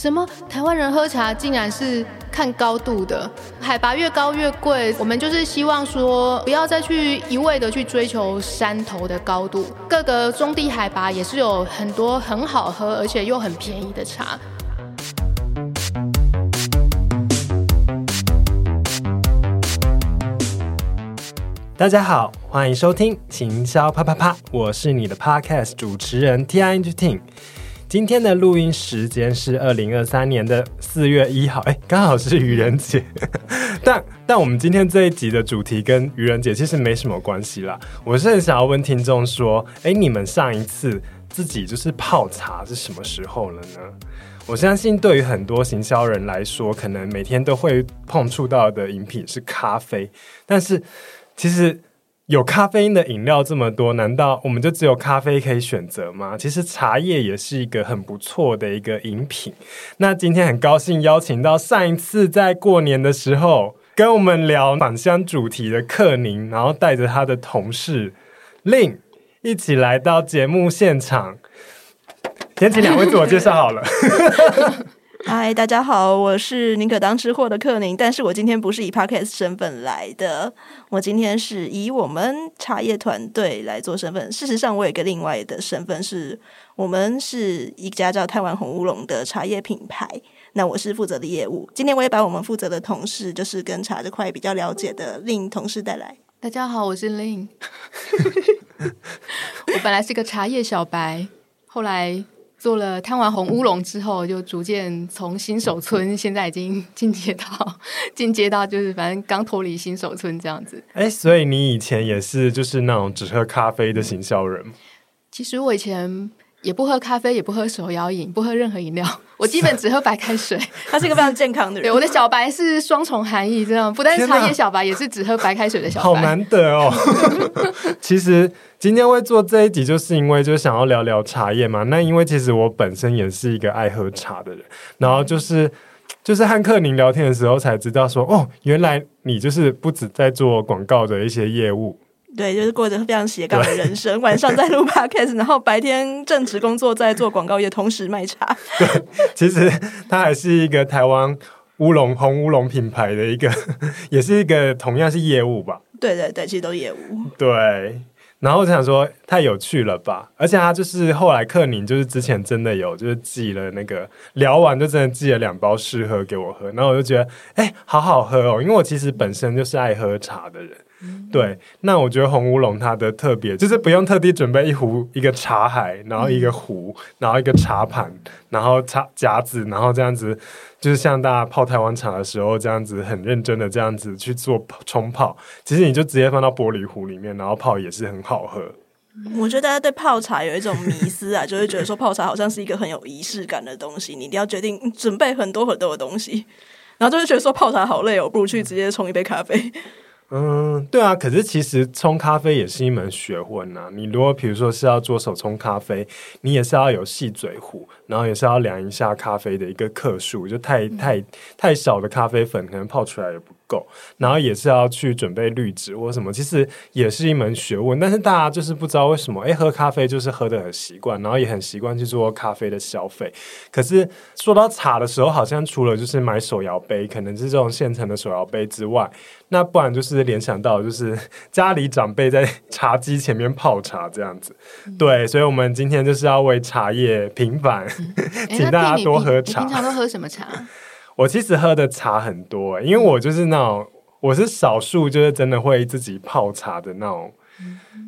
什麼？台灣人喝茶竟然是看高度的，海拔越高越貴。我們就是希望說，不要再去一味的去追求山頭的高度，各個中低海拔也是有很多很好喝，而且又很便宜的茶。大家好，歡迎收聽《行銷啪啪啪》，我是你的 Podcast 主持人 Ting Ting。今天的錄音時間是二零二三年的四月一號，哎、欸，剛好是愚人節。但但我們今天這一集的主題跟愚人節其實沒什麼關係啦。我是很想要問聽眾說，哎、欸，你們上一次自己就是泡茶是什麼時候了呢？我相信對於很多行銷人來說，可能每天都會碰觸到的飲品是咖啡，但是其實，有咖啡因的飲料這麼多，難道我們就只有咖啡可以選擇嗎？其實茶葉也是一個很不錯的一個飲品。那今天很高興邀請到上一次在過年的時候跟我們聊返鄉主題的克寧，然後帶着他的同事 Ling 一起來到節目現場。先請兩位自我介紹好了。 嗨，大家好，我是寧可當吃貨的克寧，但是我今天不是以 podcast 身份來的，我今天是以我們茶葉團隊來做身份。事實上，我有一個另外的身份是，是我們是一家叫台灣紅烏龍的茶葉品牌，那我是負責的業務。今天我也把我們負責的同事，就是跟茶這塊比較了解的 Ling 同事帶來。大家好，我是 Ling， 我本來是一個茶葉小白，後來。做了貪玩紅烏龍之後，就逐漸從新手村，現在已經進階到進階到，街道就是反正剛脫離新手村這樣子。哎、欸，所以你以前也是就是那種只喝咖啡的行銷人、嗯。其實我以前。也不喝咖啡，也不喝手搖飲，不喝任何飲料，我基本只喝白開水。是啊、 他是一個非常健康的人。對，我的小白是雙重含義，這樣不但是茶葉小白，也是只喝白開水的小白。好難得哦。 其實今天會做這一集，就是因為就想要聊聊茶葉嘛。那因為其實我本身也是一個愛喝茶的人，然後就是就是和克寧聊天的時候才知道說，哦，原來你就是不止在做廣告的一些業務。對，就是過着非常斜槓的人生。晚上在錄 p o d s t 然後白天正職工作在做廣告業，也 同時賣茶。對，其實他還是一個台灣烏龍紅烏龍品牌的一個，也是一個同樣是業務吧。對對對，其實都業務。對，然後我想說，太有趣了吧！而且他就是後來克寧，就是之前真的有就是寄了那個聊完就真的寄了兩包試喝給我喝，然後我就覺得哎、欸，好好喝哦、喔，因為我其實本身就是愛喝茶的人。嗯、對，那我覺得紅烏龍它的特別就是不用特地準備一壺、一個茶海，然後一個壺，然後一個茶盤，然後茶夾子，然後這樣子，就是像大家泡台灣茶的時候這樣子，很認真的這樣子去做沖泡。其實你就直接放到玻璃壺裡面，然後泡也是很好喝。我覺得大家對泡茶有一種迷思啊， 就是覺得說泡茶好像是一個很有儀式感的東西，你一定要決定準備很多很多的東西，然後就會覺得說泡茶好累哦，不如去直接沖一杯咖啡。嗯，對啊，可是其實沖咖啡也是一門學問吶啊。你如果比如說是要做手沖咖啡，你也是要有細嘴壺，然後也是要量一下咖啡的一個克數，就太太太少的咖啡粉，可能泡出來也不。然後也是要去準備濾紙或什麼，其實也是一門學問。但是大家就是不知道為什麼，哎，喝咖啡就是喝得很習慣，然後也很習慣去做咖啡的消費。可是說到茶的時候，好像除了就是買手搖杯，可能是這種現成的手搖杯之外，那不然就是聯想到就是家裡長輩在茶几前面泡茶這樣子，嗯。對，所以我們今天就是要為茶葉平反，嗯、 請大家多喝茶。你平常都喝什麼茶？我其實喝的茶很多，欸，因為我就是那種我是少數，就是真的會自己泡茶的那種。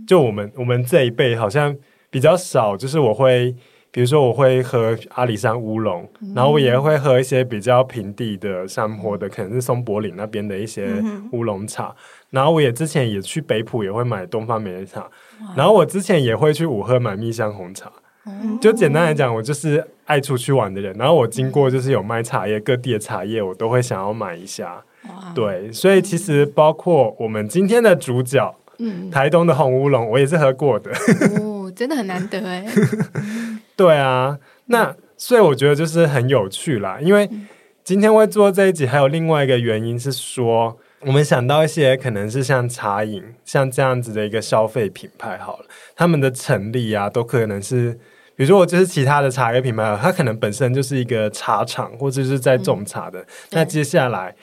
就我們我們這一輩好像比較少，就是我會，比如說我會喝阿里山烏龍，然後我也會喝一些比較平地的、山坡的，可能是松柏嶺那邊的一些烏龍茶。嗯、然後我也之前也去北埔也會買東方美人茶，然後我之前也會去舞鶴買蜜香紅茶。嗯、就簡單來講、嗯，我就是愛出去玩的人。然後我經過就是有賣茶葉、嗯，各地的茶葉我都會想要買一下。對，所以其實包括我們今天的主角，嗯，台東的紅烏龍，我也是喝過的。 哦，真的很難得哎。 對啊，那、嗯、所以我覺得就是很有趣啦。因為今天會做這一集，還有另外一個原因是說。我們想到一些可能是像茶飲，像這樣子的一個消費品牌好了，他們的成立啊，都可能是，比如說我就是其他的茶葉品牌，它可能本身就是一個茶廠，或者是在種茶的，嗯，那接下來，嗯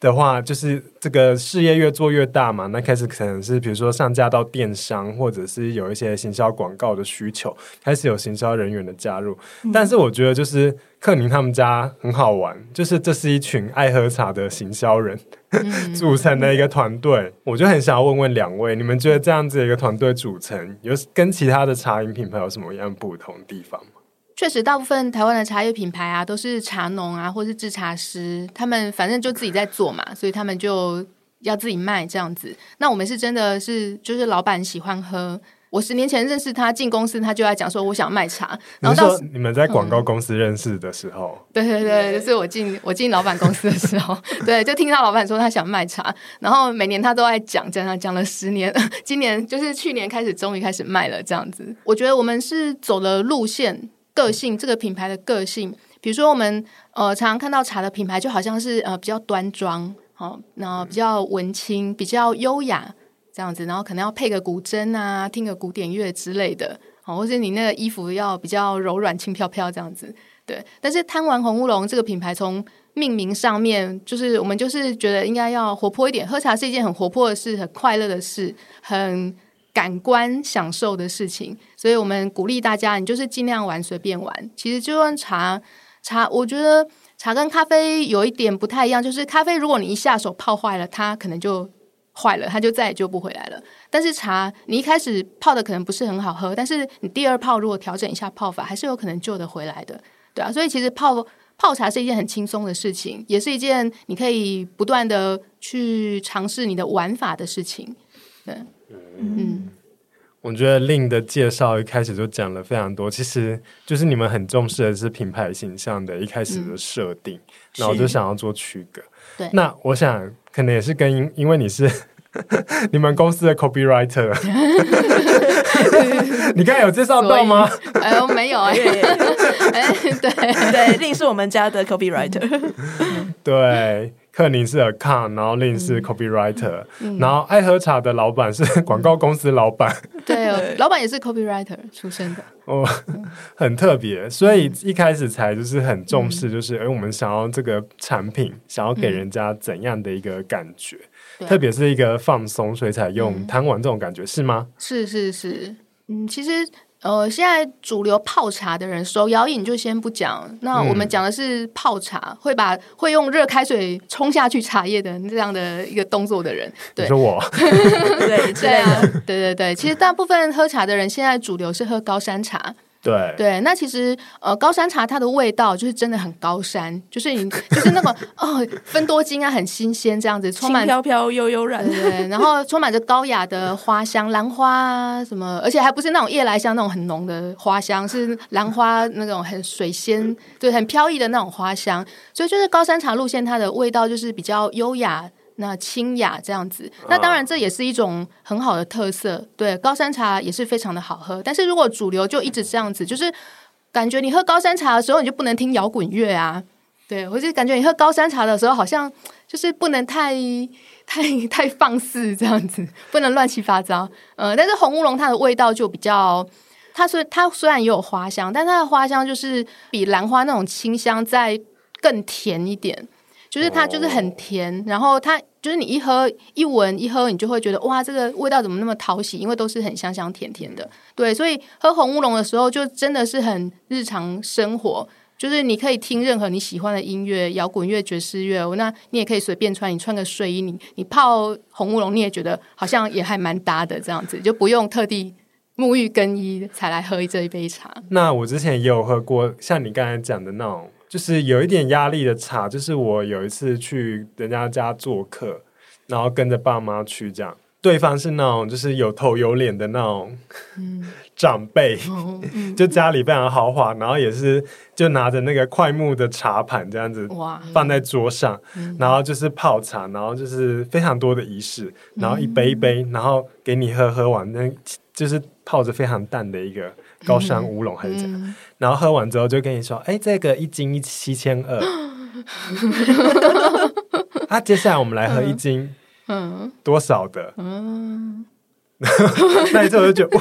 的話，就是這個事業越做越大嘛，那開始可能是比如說上架到電商，或者是有一些行銷廣告的需求，開始有行銷人員的加入。嗯、但是我覺得就是克寧他們家很好玩，就是這是一群愛喝茶的行銷人、嗯、 組成的一個團隊。嗯、我就很想要問問兩位，你們覺得這樣子一個團隊組成，有跟其他的茶飲品牌有什麼樣不同的地方嗎？確實，大部分台灣的茶葉品牌啊，都是茶農啊，或是製茶師，他們反正就自己在做嘛，所以他們就要自己賣這樣子。那我們是真的是就是老闆喜歡喝。我十年前認識他進公司，他就愛講說我想賣茶。然後到你是說你們在廣告公司認識的時候，嗯、對對對，所以我進我進老闆公司的時候， 對，就聽到老闆說他想賣茶。然後每年他都愛講，這樣他講了十年，今年就是去年開始終於開始賣了這樣子。我覺得我們是走了路線。個性，這個品牌的個性，比如說我們呃常常看到茶的品牌，就好像是呃比較端莊，好、哦，然後比較文青，比較優雅這樣子，然後可能要配個古箏啊，聽個古典樂之類的，好、哦，或者你那個衣服要比較柔軟輕飄飄這樣子，對。但是貪玩紅烏龍這個品牌從命名上面，就是我們就是覺得應該要活潑一點，喝茶是一件很活潑的事，很快樂的事，很感官享受的事情，所以我們鼓勵大家，你就是盡量玩，隨便玩。其實就用，就算茶茶，我覺得茶跟咖啡有一點不太一樣，就是咖啡，如果你一下手泡壞了，它可能就壞了，它就再也救不回來了。但是茶，你一開始泡的可能不是很好喝，但是你第二泡如果調整一下泡法，還是有可能救得回來的，對啊，所以，其實泡泡茶是一件很輕鬆的事情，也是一件你可以不斷的去嘗試你的玩法的事情，對。嗯，我覺得 Ling 的介紹一開始就講了非常多，其實就是你們很重視的是品牌形象的一開始的設定，嗯、然後就想要做區隔。對，那我想可能也是跟因，因為你是 你們公司的 copywriter， 你剛才有介紹到嗎？哎我沒有哎，對、 哎、對，Ling 是我們家的 copywriter， 嗯、對。克寧是 account，然後 Ling 是 copywriter，、嗯嗯、然後愛喝茶的老板是廣告公司老板，嗯、 對，對，老板也是 copywriter 出身的，哦、oh, 嗯，很特別，所以一開始才就是很重視，就是誒、嗯欸，我們想要這個產品，想要給人家怎樣的一個感覺，嗯、特別是一個放鬆，所以才用貪玩這種感覺、嗯、是嗎？是是是，嗯，其實。呃，現在主流泡茶的人，手搖飲就先不講。那我們講的是泡茶，嗯、會把會用熱開水沖下去茶葉的這樣的一個動作的人，對，是我， 對 這樣 對，對對對，其實大部分喝茶的人現在主流是喝高山茶。對對，那其實呃，高山茶它的味道就是真的很高山，就是你就是那個 哦，芬多精啊，很新鮮這樣子，充滿飄飄、悠悠然，對，對，然後充滿着高雅的花香，蘭花什麼，而且還不是那種夜來香那種很濃的花香，是蘭花那種很水仙，對，很飄逸的那種花香，所以就是高山茶路線它的味道就是比較優雅。那清雅，這樣子，那當然這也是一種很好的特色。對，高山茶也是非常的好喝，但是如果主流就一直這樣子，就是感覺你喝高山茶的時候你就不能聽搖滾樂啊。對，我就感覺你喝高山茶的時候好像就是不能太太太放肆這樣子，不能亂七八糟。嗯，但是紅烏龍它的味道就比較，它是它雖然也有花香，但它的花香就是比蘭花那種清香再更甜一點。就是它，就是很甜，oh. 然後它就是你一喝一聞一喝，你就會覺得哇，這個味道怎麼那麼討喜？因為都是很香香甜甜的，對。所以喝紅烏龍的時候，就真的是很日常生活。就是你可以聽任何你喜歡的音樂，搖滾樂、爵士樂，那你也可以隨便穿，你穿個睡衣，你你泡紅烏龍，你也覺得好像也還蠻搭的這樣子，就不用特地沐浴更衣才來喝這一杯茶。那我之前也有喝過，像你剛才講的那種。就是有一點壓力的茶，就是我有一次去人家家做客，然後跟着爸媽去這樣，對方是那種就是有頭有臉的那種、嗯、長輩，oh. 就家裡非常豪華，然後也是就拿着那個檜木的茶盤這樣子放在桌上，wow. 然後就是泡茶，然後就是非常多的儀式，然後一杯一杯，然後給你喝，喝完那就是。泡着非常淡的一個高山烏龍還是啥、嗯嗯，然後喝完之後就跟你說：“哎、欸，這個一斤一七千二。 啊”啊接下來我們來喝一斤，多少的？嗯， 那一次我就覺得，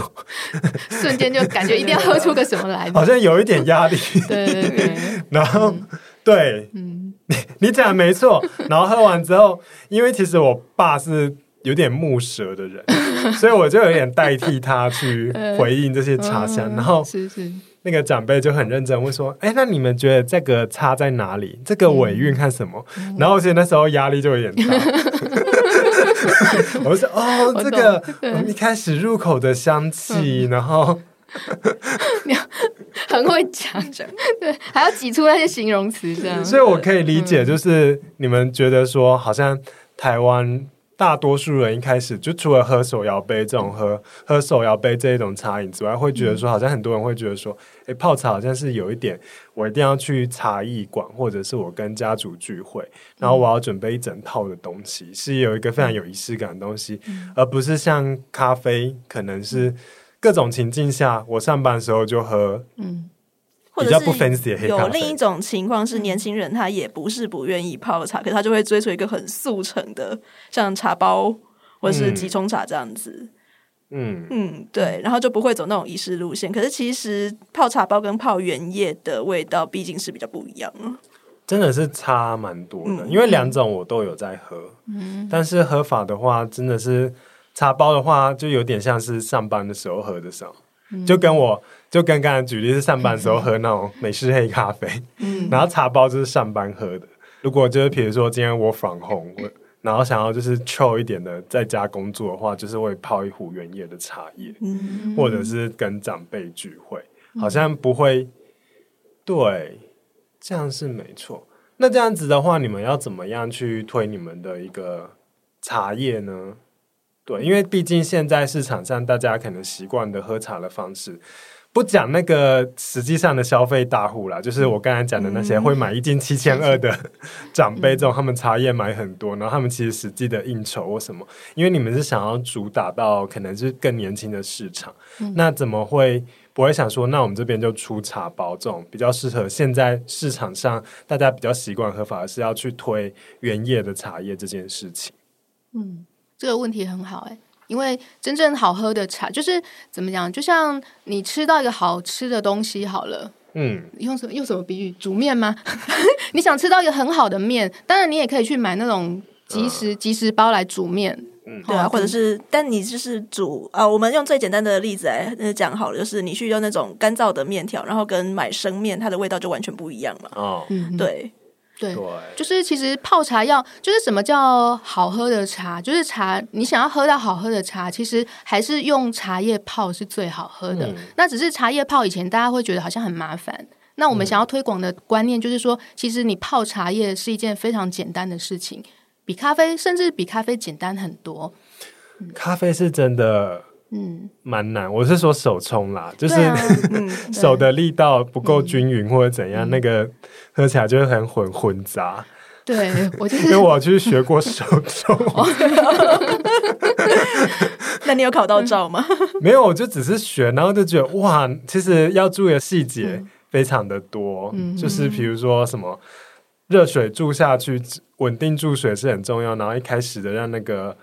瞬間就感覺一定要喝出個什麼來， 好像有一點壓力。 對，對對對。 然後、嗯、對，你，你講的沒錯。 然後喝完之後，因為其實我爸是有點木舌的人。 所以我就有點代替他去回應這些茶香，呃、然後那個長輩就很認真問說：“哎、欸，那你們覺得這個差在哪裡？這個尾韻看什麼？”嗯、然後所以那時候壓力就有點大 哦。我說哦，這個我一開始入口的香氣、嗯，然後 很會講講，對，還要擠出那些形容詞這樣，是是是。所以我可以理解，就是、嗯、你們覺得說，好像台灣。大多數人一開始就除了喝手搖杯這種喝喝手搖杯這一種茶飲之外，會覺得說，好像很多人會覺得說，哎、嗯欸，泡茶好像是有一點，我一定要去茶藝館，或者是我跟家族聚會，嗯、然後我要準備一整套的東西，是有一個非常有儀式感的東西、嗯，而不是像咖啡，可能是各種情境下，我上班的時候就喝。嗯。或者是有另一種情況是，年輕人他也不是不願意泡茶，嗯、可是他就會追求一個很速成的，像茶包或是急沖茶這樣子。嗯嗯，對，然後就不會走那種儀式路線。可是其實泡茶包跟泡原液的味道畢竟是比較不一樣啊，真的是差蠻多的。嗯、因為兩種我都有在喝，嗯、但是喝法的話，真的是茶包的話，就有點像是上班的時候喝的時候。就跟我就跟剛剛舉例是上班時候喝那種美式黑咖啡，嗯，然後茶包就是上班喝的。如果就是比如說今天 work from home，嗯，然後想要就是 chill 一點的，在家工作的話，就是會泡一壺原葉的茶葉，嗯，或者是跟長輩聚會，好像不會。對，這樣是沒錯。那這樣子的話，你們要怎麼樣去推你們的一個茶葉呢？對，因為畢竟現在市場上大家可能習慣的喝茶的方式，不講那個實際上的消費大戶啦，就是我剛才講的那些會買一斤七千二的、嗯、七千 長輩，這種他們茶葉買很多、嗯，然後他們其實實際的應酬或什麼，因為你們是想要主打到可能是更年輕的市場，嗯、那怎麼會不會想說，那我們這邊就出茶包這種比較適合現在市場上大家比較習慣喝，反而是要去推原葉的茶葉這件事情，嗯。這個問題很好哎、欸，因為真正好喝的茶就是怎麼講？就像你吃到一個好吃的東西好了，嗯，用什麼用什麼比喻？煮麵嗎？ 你想吃到一個很好的麵，當然你也可以去買那種即食即食包來煮麵，嗯，對啊，或者是，但你就是煮啊、呃。我們用最簡單的例子來講好了，就是你去用那種乾燥的麵條，然後跟買生麵，它的味道就完全不一樣了。哦，對。哦對對，對，就是其實泡茶要，就是什麼叫好喝的茶，就是茶，你想要喝到好喝的茶，其實還是用茶葉泡是最好喝的。嗯。那只是茶葉泡以前大家會覺得好像很麻煩。那我們想要推廣的觀念就是說，嗯。其實你泡茶葉是一件非常簡單的事情，比咖啡，甚至比咖啡簡單很多。嗯。咖啡是真的。嗯，蠻難。我是說手沖啦，就是、啊嗯、手的力道不夠均勻或者怎樣、嗯，那個喝起來就會很混混雜。對，我就是、因為我去學過手沖 那你有考到照嗎？ 有照嗎 沒有，我就只是學，然後就覺得哇，其實要注意的細節非常的多，嗯、就是比如說什麼熱水注下去，穩定注水是很重要。然後一開始的讓那個。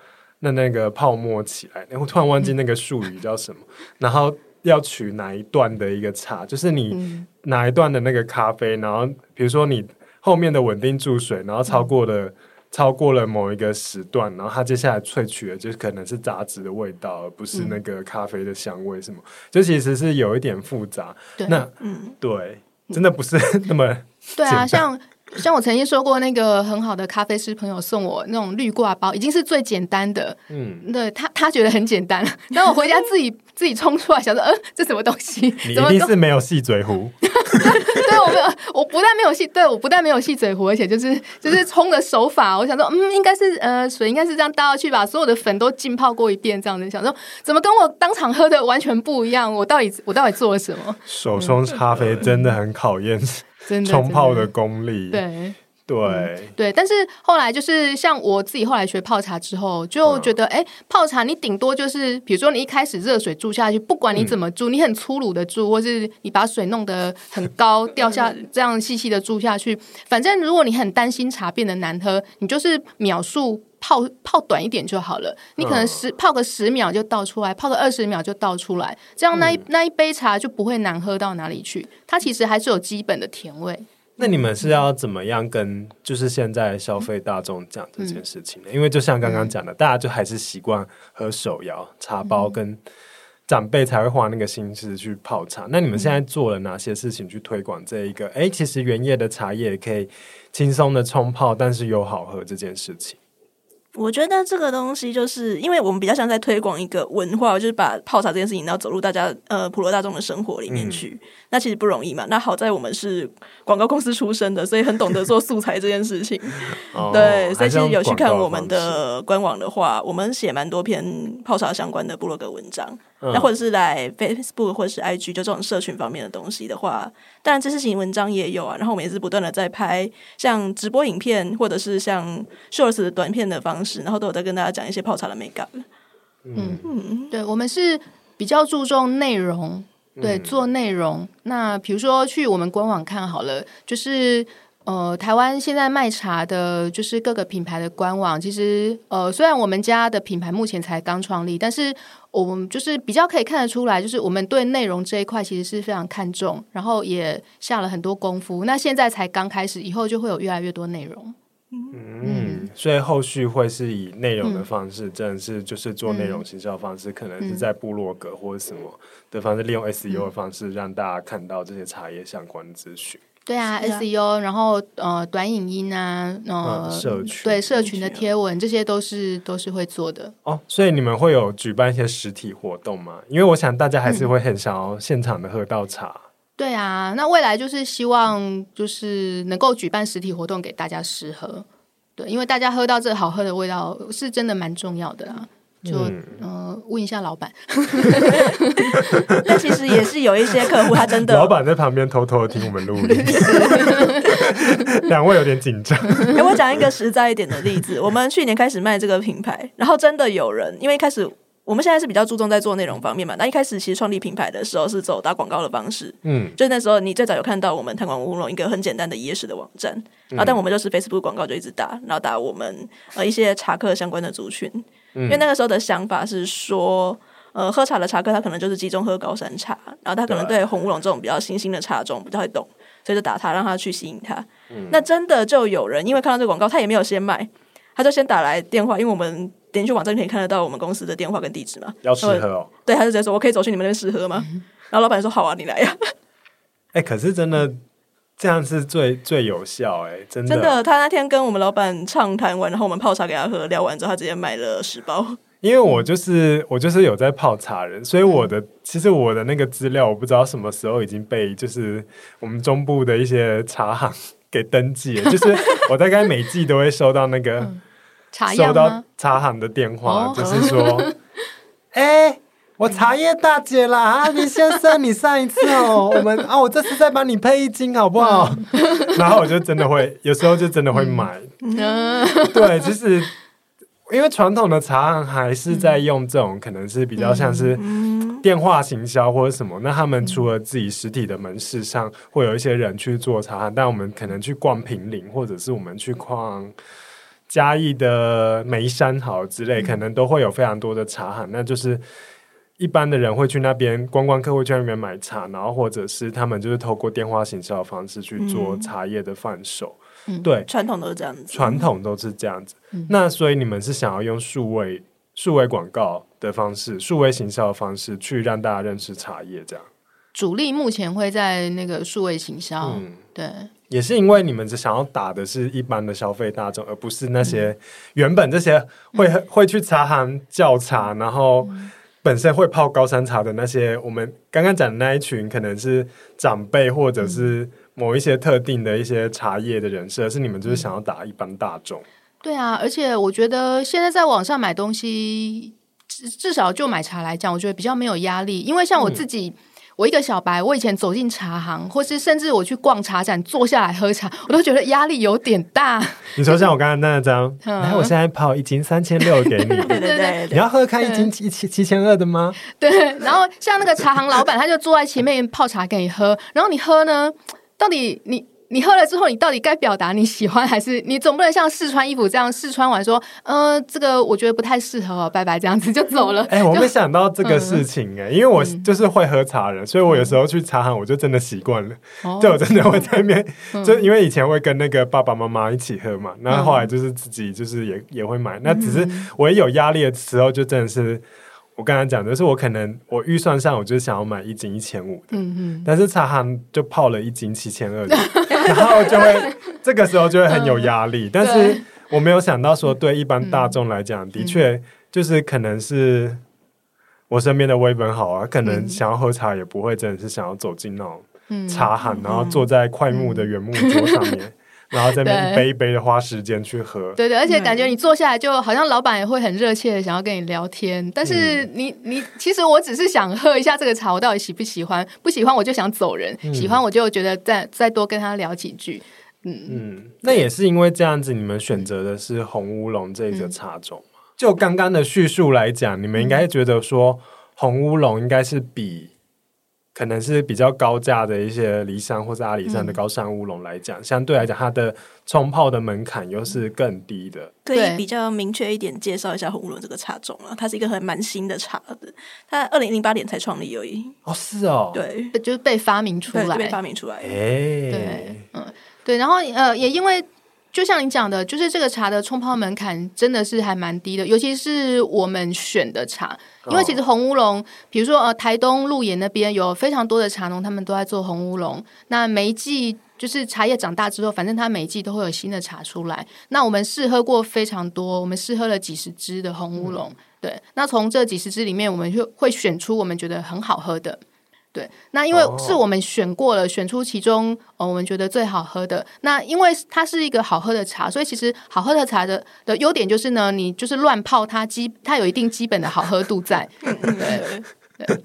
的那，那個泡沫起來，然、欸、後突然忘記那個術語叫什麼、嗯，然後要取哪一段的一個茶，就是你哪一段的那個咖啡，然後比如說你後面的穩定注水，然後超過了、嗯、超過了某一個時段，然後它接下來萃取的就可能是雜質的味道，而不是那個咖啡的香味什麼，就其實是有一點複雜。對那、嗯、對，真的不是 那麼、嗯、對啊，像。像我曾經說過，那個很好的咖啡師朋友送我那種濾掛包，已經是最簡單的。嗯，對他，他覺得很簡單，但我回家自己 自己沖出來，想說，呃，這什麼東西？怎麼你一定是沒有細嘴壺 對，我沒有，我不但沒有細，對，我不但沒有細嘴壺，而且就是就是沖的手法，我想說，嗯，應該是呃水應該是這樣倒下去，把所有的粉都浸泡過一遍，這樣子。想說，怎麼跟我當場喝的完全不一樣？我到底我到底做了什麼？手沖咖啡真的很考驗。嗯。 沖泡的功力。對。對、嗯、對，但是後來就是像我自己後來學泡茶之後，就覺得哎、嗯欸，泡茶你頂多就是，比如說你一開始熱水注下去，不管你怎麼注，嗯、你很粗魯的注，或是你把水弄得很高 掉下，這樣細細的注下去，反正如果你很擔心茶變得難喝，你就是秒數泡泡短一點就好了。你可能十、嗯、泡個十秒就倒出來，泡個二十秒就倒出來，這樣那一、嗯、那一杯茶就不會難喝到哪裡去。它其實還是有基本的甜味。那你們是要怎麼樣跟就是現在消費大眾講這件事情呢？嗯、因為就像剛剛講的、嗯，大家就還是習慣喝手搖茶包，跟長輩才會花那個心思去泡茶、嗯。那你們現在做了哪些事情去推廣這一個？哎、嗯，其實原葉的茶葉可以輕鬆的沖泡，但是又好喝這件事情。我覺得這個東西就是，因為我們比較像在推廣一個文化，就是把泡茶這件事情要走入大家呃普羅大眾的生活裡面去，嗯，那其實不容易嘛。那好在我們是廣告公司出身的，所以很懂得做素材這件事情。 哦、對，所以其實有去看我們的官網的話，我們寫蠻多篇泡茶相關的部落格文章。嗯、那或者是來 Facebook 或者是 IG，就這種社群方面的東西的話，當然知識型文章也有啊。然後我們也是不斷的在拍像直播影片，或者是像 Shorts 短片的方式，然後都有在跟大家講一些泡茶的美感。嗯嗯，對，我們是比較注重內容，對，做內容。那比如說去我們官網看好了，就是。呃，台灣現在賣茶的，就是各個品牌的官網，其實呃，雖然我們家的品牌目前才剛創立，但是我們就是比較可以看得出來，就是我們對內容這一塊其實是非常看重，然後也下了很多功夫。那現在才剛開始，以後就會有越來越多內容嗯。嗯，所以後續會是以內容的方式，真的是就是做內容行銷方式，嗯，可能是在部落格或者什麼的方式，嗯、利用 SEO 的方式讓大家看到這些茶葉相關的資訊。對啊，啊，SEO，然後呃，短影音啊，呃，啊、社群對社群的貼文，這些都是都是會做的哦。所以你們會有舉辦一些實體活動嗎？因為我想大家還是會很想要現場的喝到茶，嗯。對啊，那未來就是希望就是能夠舉辦實體活動給大家試喝。對，因為大家喝到這個好喝的味道是真的蠻重要的啊。就、嗯、呃問一下老闆， 但其實也是有一些客戶他真的老闆在旁邊偷偷的聽我們錄音，兩 位有點緊張。給、 欸、我講一個實在一點的例子。 我們去年開始賣這個品牌，然後真的有人，因為一開始我們現在是比較注重在做內容方面嘛。那一開始其實創立品牌的時候是走打廣告的方式，嗯，就是、那時候你最早有看到我們貪玩紅烏龍一個很簡單的一頁式的網站、嗯，然後但我們就是 Facebook 廣告就一直打，然後打我們呃一些茶客相關的族群。因為那個時候的想法是說，呃，喝茶的茶客他可能就是集中喝高山茶，然後他可能對紅烏龍這種比較新興的茶種不太懂，所以就打他，讓他去吸引他，嗯。那真的就有人，因為看到這個廣告，他也沒有先買，他就先打來電話，因為我們點去網站可以看得到我們公司的電話跟地址嘛，要試喝哦，對，他就直接說：“我可以走去你們那邊試喝嗎？” 然後老板就說：“好啊，你來呀，啊。 ”哎，欸，可是真的。這樣是最最有效誒、欸，真的。他那天跟我們老闆暢談完，然後我們泡茶給他喝，聊完之後他直接買了十包。因為我就是我就是有在泡茶人，所以我的、嗯、其實我的那個資料，我不知道什麼時候已經被就是我們中部的一些茶行給登記了。 就是我大概每季都會收到那個茶收到茶行的電話，嗯、就是說哎。 欸我茶葉大姐啦、啊，你先生，你上一次哦、喔， 我們啊，我這次再幫你配一斤好不好，嗯？然後我就真的會有時候就真的會買，嗯、對，就是因為傳統的茶行還是在用這種、嗯，可能是比較像是電話行銷或者什麼、嗯。那他們除了自己實體的門市上、嗯、會有一些人去做茶行，但我們可能去逛坪林，或者是我們去逛嘉義的梅山好之類，可能都會有非常多的茶行，那就是。一般的人會去那邊觀光客會去那邊買茶，然後或者是他們就是透過電話行銷的方式去做茶葉的販售、嗯。對，傳統都是這樣子，傳統都是這樣子。嗯、那所以你們是想要用數位數位廣告的方式，數位行銷的方式去讓大家認識茶葉這樣？主力目前會在那個數位行銷。嗯，對。也是因為你們只想要打的是一般的消費大眾，而不是那些原本這些會、嗯、會去茶行、嗯、叫茶，然後。嗯本身會泡高山茶的那些，我們剛剛講的那一群，可能是長輩或者是某一些特定的一些茶葉的人設，還是你們就是想要打一般大眾？嗯、對啊，而且我覺得現在在網上買東西至，至少就買茶來講，我覺得比較沒有壓力，因為像我自己。嗯我一個小白，我以前走進茶行，或是甚至我去逛茶展，坐下來喝茶，我都覺得壓力有點大。你說像我剛剛那張，嗯， 我現在泡一斤三千六，給 你對對對，對，你要喝開一斤七七七千二的嗎？對，然後像那個茶行老闆，他就坐在前面泡茶給你喝，然後你喝呢，到底你。你喝了之後，你到底該表達你喜歡還是你總不能像試穿衣服這樣試穿完說，嗯、呃，這個我覺得不太適合、哦，拜拜，這樣子就走了。哎、欸，我沒想到這個事情哎、欸嗯，因為我就是會喝茶的，所以我有時候去茶行，我就真的習慣了、嗯，就我真的會在面、嗯，就因為以前會跟那個爸爸媽媽一起喝嘛，那、嗯、後,後來就是自己就是也、嗯、也會買，那只是我一有壓力的時候，就真的是。我剛才講的是，我可能我預算上，我就是想要買一斤一千五的、嗯，但是茶行就泡了一斤七千二，然後就會 這個時候就會很有壓力、嗯。但是我沒有想到說，對一般大眾來講、嗯，的確就是可能是我身邊的微本好啊、嗯，可能想要喝茶也不會真的是想要走進那種茶行、嗯，然後坐在檜木的原木桌上面。嗯 然後在那邊一杯一杯的花時間去喝，對，對對，而且感覺你坐下來就好像老闆也會很熱切的想要跟你聊天，但是你、嗯、你其實我只是想喝一下這個茶，我到底喜不喜歡？不喜歡我就想走人，嗯、喜歡我就覺得再再多跟他聊幾句。嗯嗯，那也是因為這樣子，你們選擇的是紅烏龍這一個茶種。就剛剛的敘述來講，你們應該覺得說紅烏龍應該是比。可能是比較高價的一些梨山或是阿里山的高山烏龍來講、嗯，相對來講它的沖泡的門檻又是更低的。可以比較明確一點介紹一下紅烏龍這個茶種了、啊，它是一個很蠻新的茶的，它二零零八年才創立而已。哦，是哦，對，就是被發明出來，被發明出來。哎、欸，對，嗯，對，然後呃，也因為。就像你講的，就是這個茶的沖泡門檻真的是還蠻低的，尤其是我們選的茶，因為其實紅烏龍，比如說呃台東鹿野那邊有非常多的茶農，他們都在做紅烏龍。那每一季就是茶葉長大之後，反正它每一季都會有新的茶出來。那我們試喝過非常多，我們試喝了幾十支的紅烏龍、嗯，對。那從這幾十支裡面，我們就會選出我們覺得很好喝的。對，那因為是我們選過了，Oh. 選出其中、哦、我們覺得最好喝的。那因為它是一個好喝的茶，所以其實好喝的茶的的優點就是呢，你就是亂泡它基，它有一定基本的好喝度在。 對，對，對，對， 對，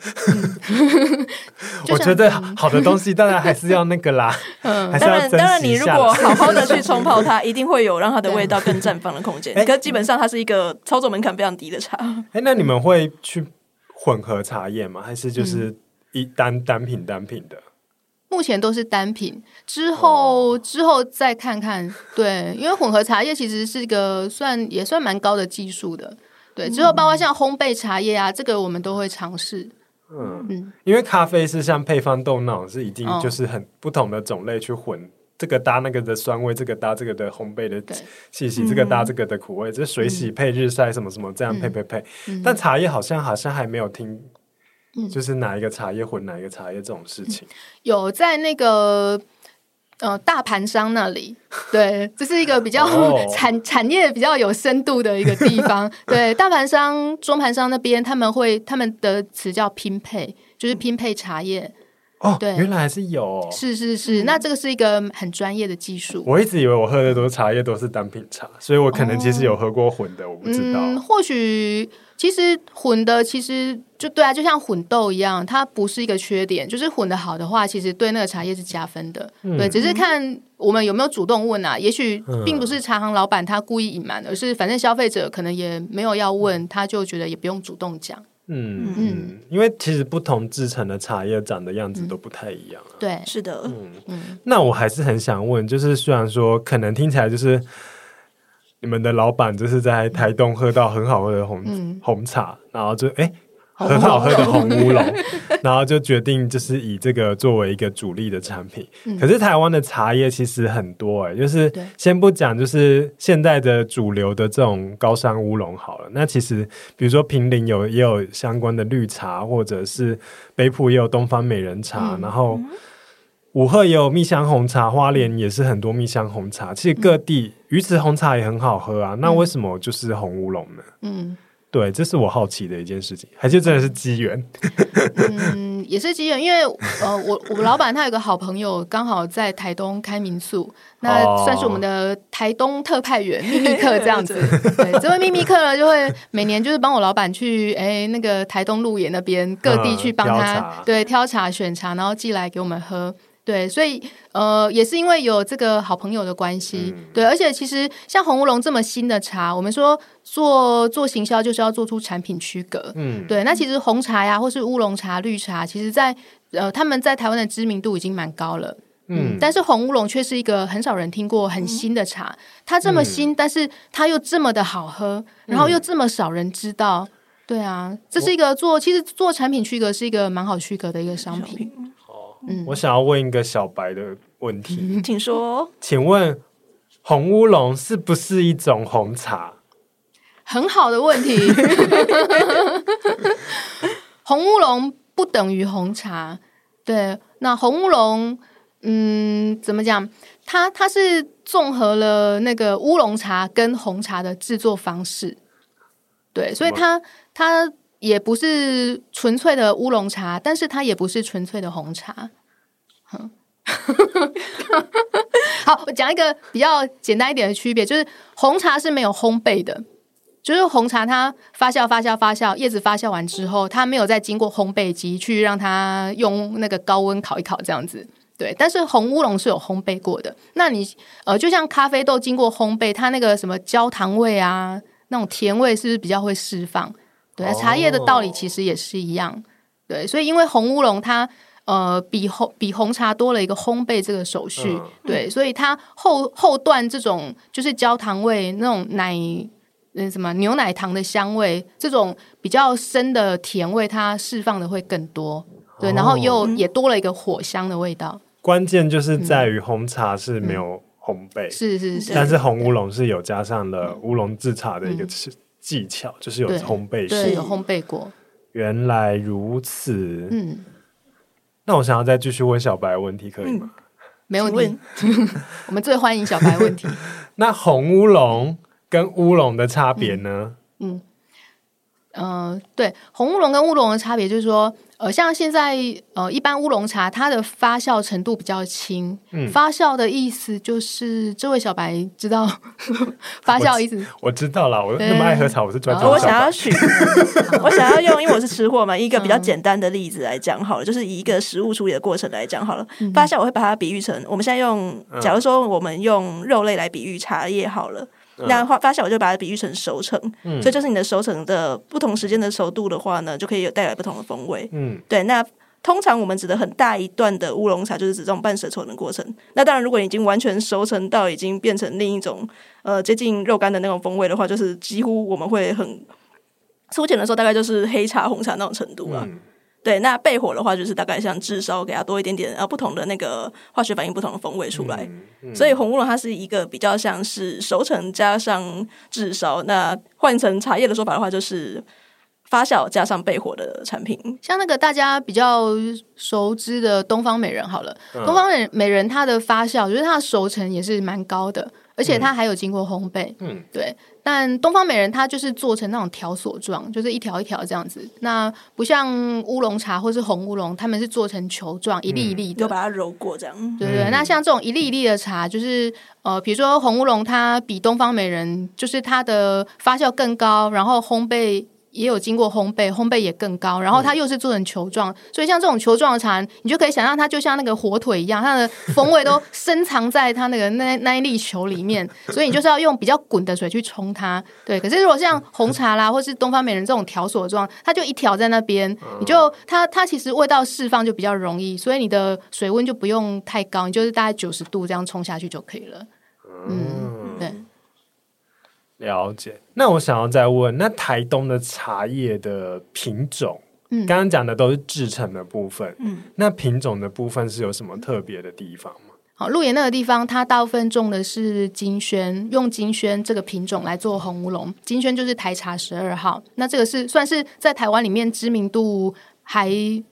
對， 我覺得好，好的東西當然還是要那個啦， 嗯，是，當然當然你如果好好的去沖泡它， 一定會有讓它的味道更綻放的空間，欸。可基本上它是一個操作門檻非常低的茶。哎，欸，那你們會去混合茶葉嗎？還是就是，嗯？一單單品單品的，目前都是單品，之後、哦、之後再看看。對，因為混合茶葉其實是一個算也算蠻高的技術的。對，之後包括像烘焙茶葉啊，嗯、這個我們都會嘗試。嗯嗯，因為咖啡是像配方豆那種，是一定就是很不同的種類去混、哦、這個搭那個的酸味，這個搭這個的烘焙的氣息，這個搭這個的苦味，這、嗯、水洗配日曬什麼什麼這樣配配配。嗯、但茶葉好像好像還沒有聽。就是哪一個茶葉混哪一個茶葉這種事情，嗯、有在那個呃大盤商那裡，對， 這是一個比較產、哦、產業比較有深度的一個地方。 對，大盤商、中盤商那邊他們會他們的詞叫拼配，就是拼配茶葉、嗯。對、哦，原來還是有、哦，是是是、嗯，那這個是一個很專業的技術。我一直以為我喝的多茶葉都是單品茶，所以我可能其實有喝過混的，哦、我不知道。嗯、或許。其實混的其實就對啊，就像混豆一樣，它不是一個缺點，就是混的好的話，其實對那個茶葉是加分的、嗯。對，只是看我們有沒有主動問啊。也許並不是茶行老板他故意隱瞞，嗯、而是反正消費者可能也沒有要問，他就覺得也不用主動講。嗯嗯，嗯，因為其實不同製程的茶葉長的樣子都不太一樣、啊嗯。對、嗯，是的。嗯嗯，那我還是很想問，就是雖然說可能聽起來就是。你們的老闆就是在台東喝到很好喝的紅紅茶，嗯，然後就誒、欸，很好喝的紅烏龍， 然後就決定就是以這個作為一個主力的產品。嗯，可是台灣的茶葉其實很多誒、欸，就是先不講，就是現在的主流的這種高山烏龍好了。那其實比如說坪林有也有相關的綠茶，或者是北埔也有東方美人茶，嗯、然後。舞鶴也有蜜香紅茶，花蓮也是很多蜜香紅茶。其實各地魚池紅茶也很好喝啊，嗯、那為什麼就是紅烏龍呢？嗯，對，這是我好奇的一件事情，還是真的是機緣。嗯，也是機緣，因為呃，我我們老板他有個好朋友，剛好在台東開民宿，那算是我們的台東特派員、哦、秘密客這樣子。 對，這位秘密客呢，就會每年就是幫我老板去哎、欸、那個台東鹿野那邊各地去幫他、嗯、挑對挑茶選茶，然後寄來給我們喝。對，所以呃，也是因為有這個好朋友的關係、嗯，對，而且其實像紅烏龍這麼新的茶，我們說做做行銷就是要做出產品區隔，嗯，對。那其實紅茶呀，或是烏龍茶、綠茶，其實在，在呃，他們在台灣的知名度已經蠻高了，嗯，但是紅烏龍卻是一個很少人聽過很新的茶，它這麼新，嗯、但是它又這麼的好喝，然後又這麼少人知道，嗯、對啊，這是一個做其實做產品區隔是一個蠻好區隔的一個商品。商品嗯、我想要問一個小白的問題，嗯、請說。請問紅烏龍是不是一種紅茶？很好的問題。 紅烏龍不等於紅茶，對。那紅烏龍，嗯，怎麼講？它它是綜合了那個烏龍茶跟紅茶的制作方式，對，所以它它。也不是純粹的烏龍茶，但是它也不是純粹的紅茶。嗯、 好，我講一個比較簡單一點的區別，就是紅茶是沒有烘焙的，就是紅茶它發酵、發酵、發酵，葉子發酵完之後，它沒有再經過烘焙機去讓它用那個高溫烤一烤這樣子。對，但是紅烏龍是有烘焙過的。那你呃，就像咖啡豆經過烘焙，它那個什麼焦糖味啊，那種甜味是不是比較會釋放？茶葉的道理其實也是一樣，哦、對，所以因為紅烏龍它呃比紅比紅茶多了一個烘焙這個手續，嗯、對，所以它後後段這種就是焦糖味、那種奶那、嗯、什麼牛奶糖的香味，這種比較深的甜味它釋放的會更多，哦、對，然後又、嗯、也多了一個火香的味道。關鍵就是在於紅茶是沒有烘焙，嗯嗯、是是是，但是紅烏龍是有加上了烏龍製茶的一個。嗯嗯技巧就是有烘焙，是有烘焙過。原來如此，嗯。那我想要再繼續問小白問題，可以嗎？嗯，沒問題， 我們最歡迎小白問題。 那紅烏龍跟烏龍的差別呢？嗯。嗯嗯、呃，對，紅烏龍跟烏龍的差別就是說，呃，像現在呃，一般烏龍茶它的發酵程度比較輕。嗯、發酵的意思就是，這位小白知道 發酵意思？我，我知道了，我那麼愛喝茶，我是專家。我想要許， 我想要用，因為我是吃貨嘛，一個比較簡單的例子來講好了，就是以一個食物處理的過程來講好了。嗯、發酵，我會把它比喻成，我們現在用，假如說我們用肉類來比喻茶葉好了。那發酵我就把它比喻成熟成，嗯，所以就是你的熟成的不同時間的熟度的話呢，就可以有帶來不同的風味，嗯。對。那通常我們指的很大一段的烏龍茶，就是指這種半熟成的過程。那當然，如果你已經完全熟成到已經變成另一種呃接近肉乾的那種風味的話，就是幾乎我們會很粗淺的時候，大概就是黑茶、紅茶那種程度了。嗯對，那焙火的話，就是大概像炙燒，給它多一點點，呃，不同的那個化學反應，不同的風味出來。嗯嗯、所以紅烏龍它是一個比較像是熟成加上炙燒，那換成茶葉的說法的話，就是發酵加上焙火的產品。像那個大家比較熟知的東方美人，好了，東方美人它的發酵就是它的熟成也是蠻高的。而且它還有經過烘焙，嗯，對。但東方美人它就是做成那種條索狀，就是一條一條這樣子。那不像烏龍茶或是紅烏龍，他們是做成球狀，嗯、一粒一粒的，都把它揉過這樣。對對、嗯。那像這種一粒一粒的茶，就是呃，比如說紅烏龍，它比東方美人就是它的發酵更高，然後烘焙。也有經過烘焙，烘焙也更高，然後它又是做成球狀，嗯，所以像這種球狀的茶，你就可以想象它就像那個火腿一樣，它的風味都深藏在它那個那那一粒球裡面， 所以你就是要用比較滾的水去衝它。對，可是如果像紅茶啦，或是東方美人這種條索狀，它就一條在那邊，你就它它其實味道釋放就比較容易，所以你的水溫就不用太高，你就是大概九十度這樣衝下去就可以了。嗯。嗯了解，那我想要再問，那台東的茶葉的品種，嗯，剛剛講的都是製程的部分，嗯，那品種的部分是有什麼特別的地方嗎？好，鹿野那個地方，它大部分種的是金萱，用金萱這個品種來做紅烏龍，金萱就是台茶十二號，那這個是算是在台灣裡面知名度還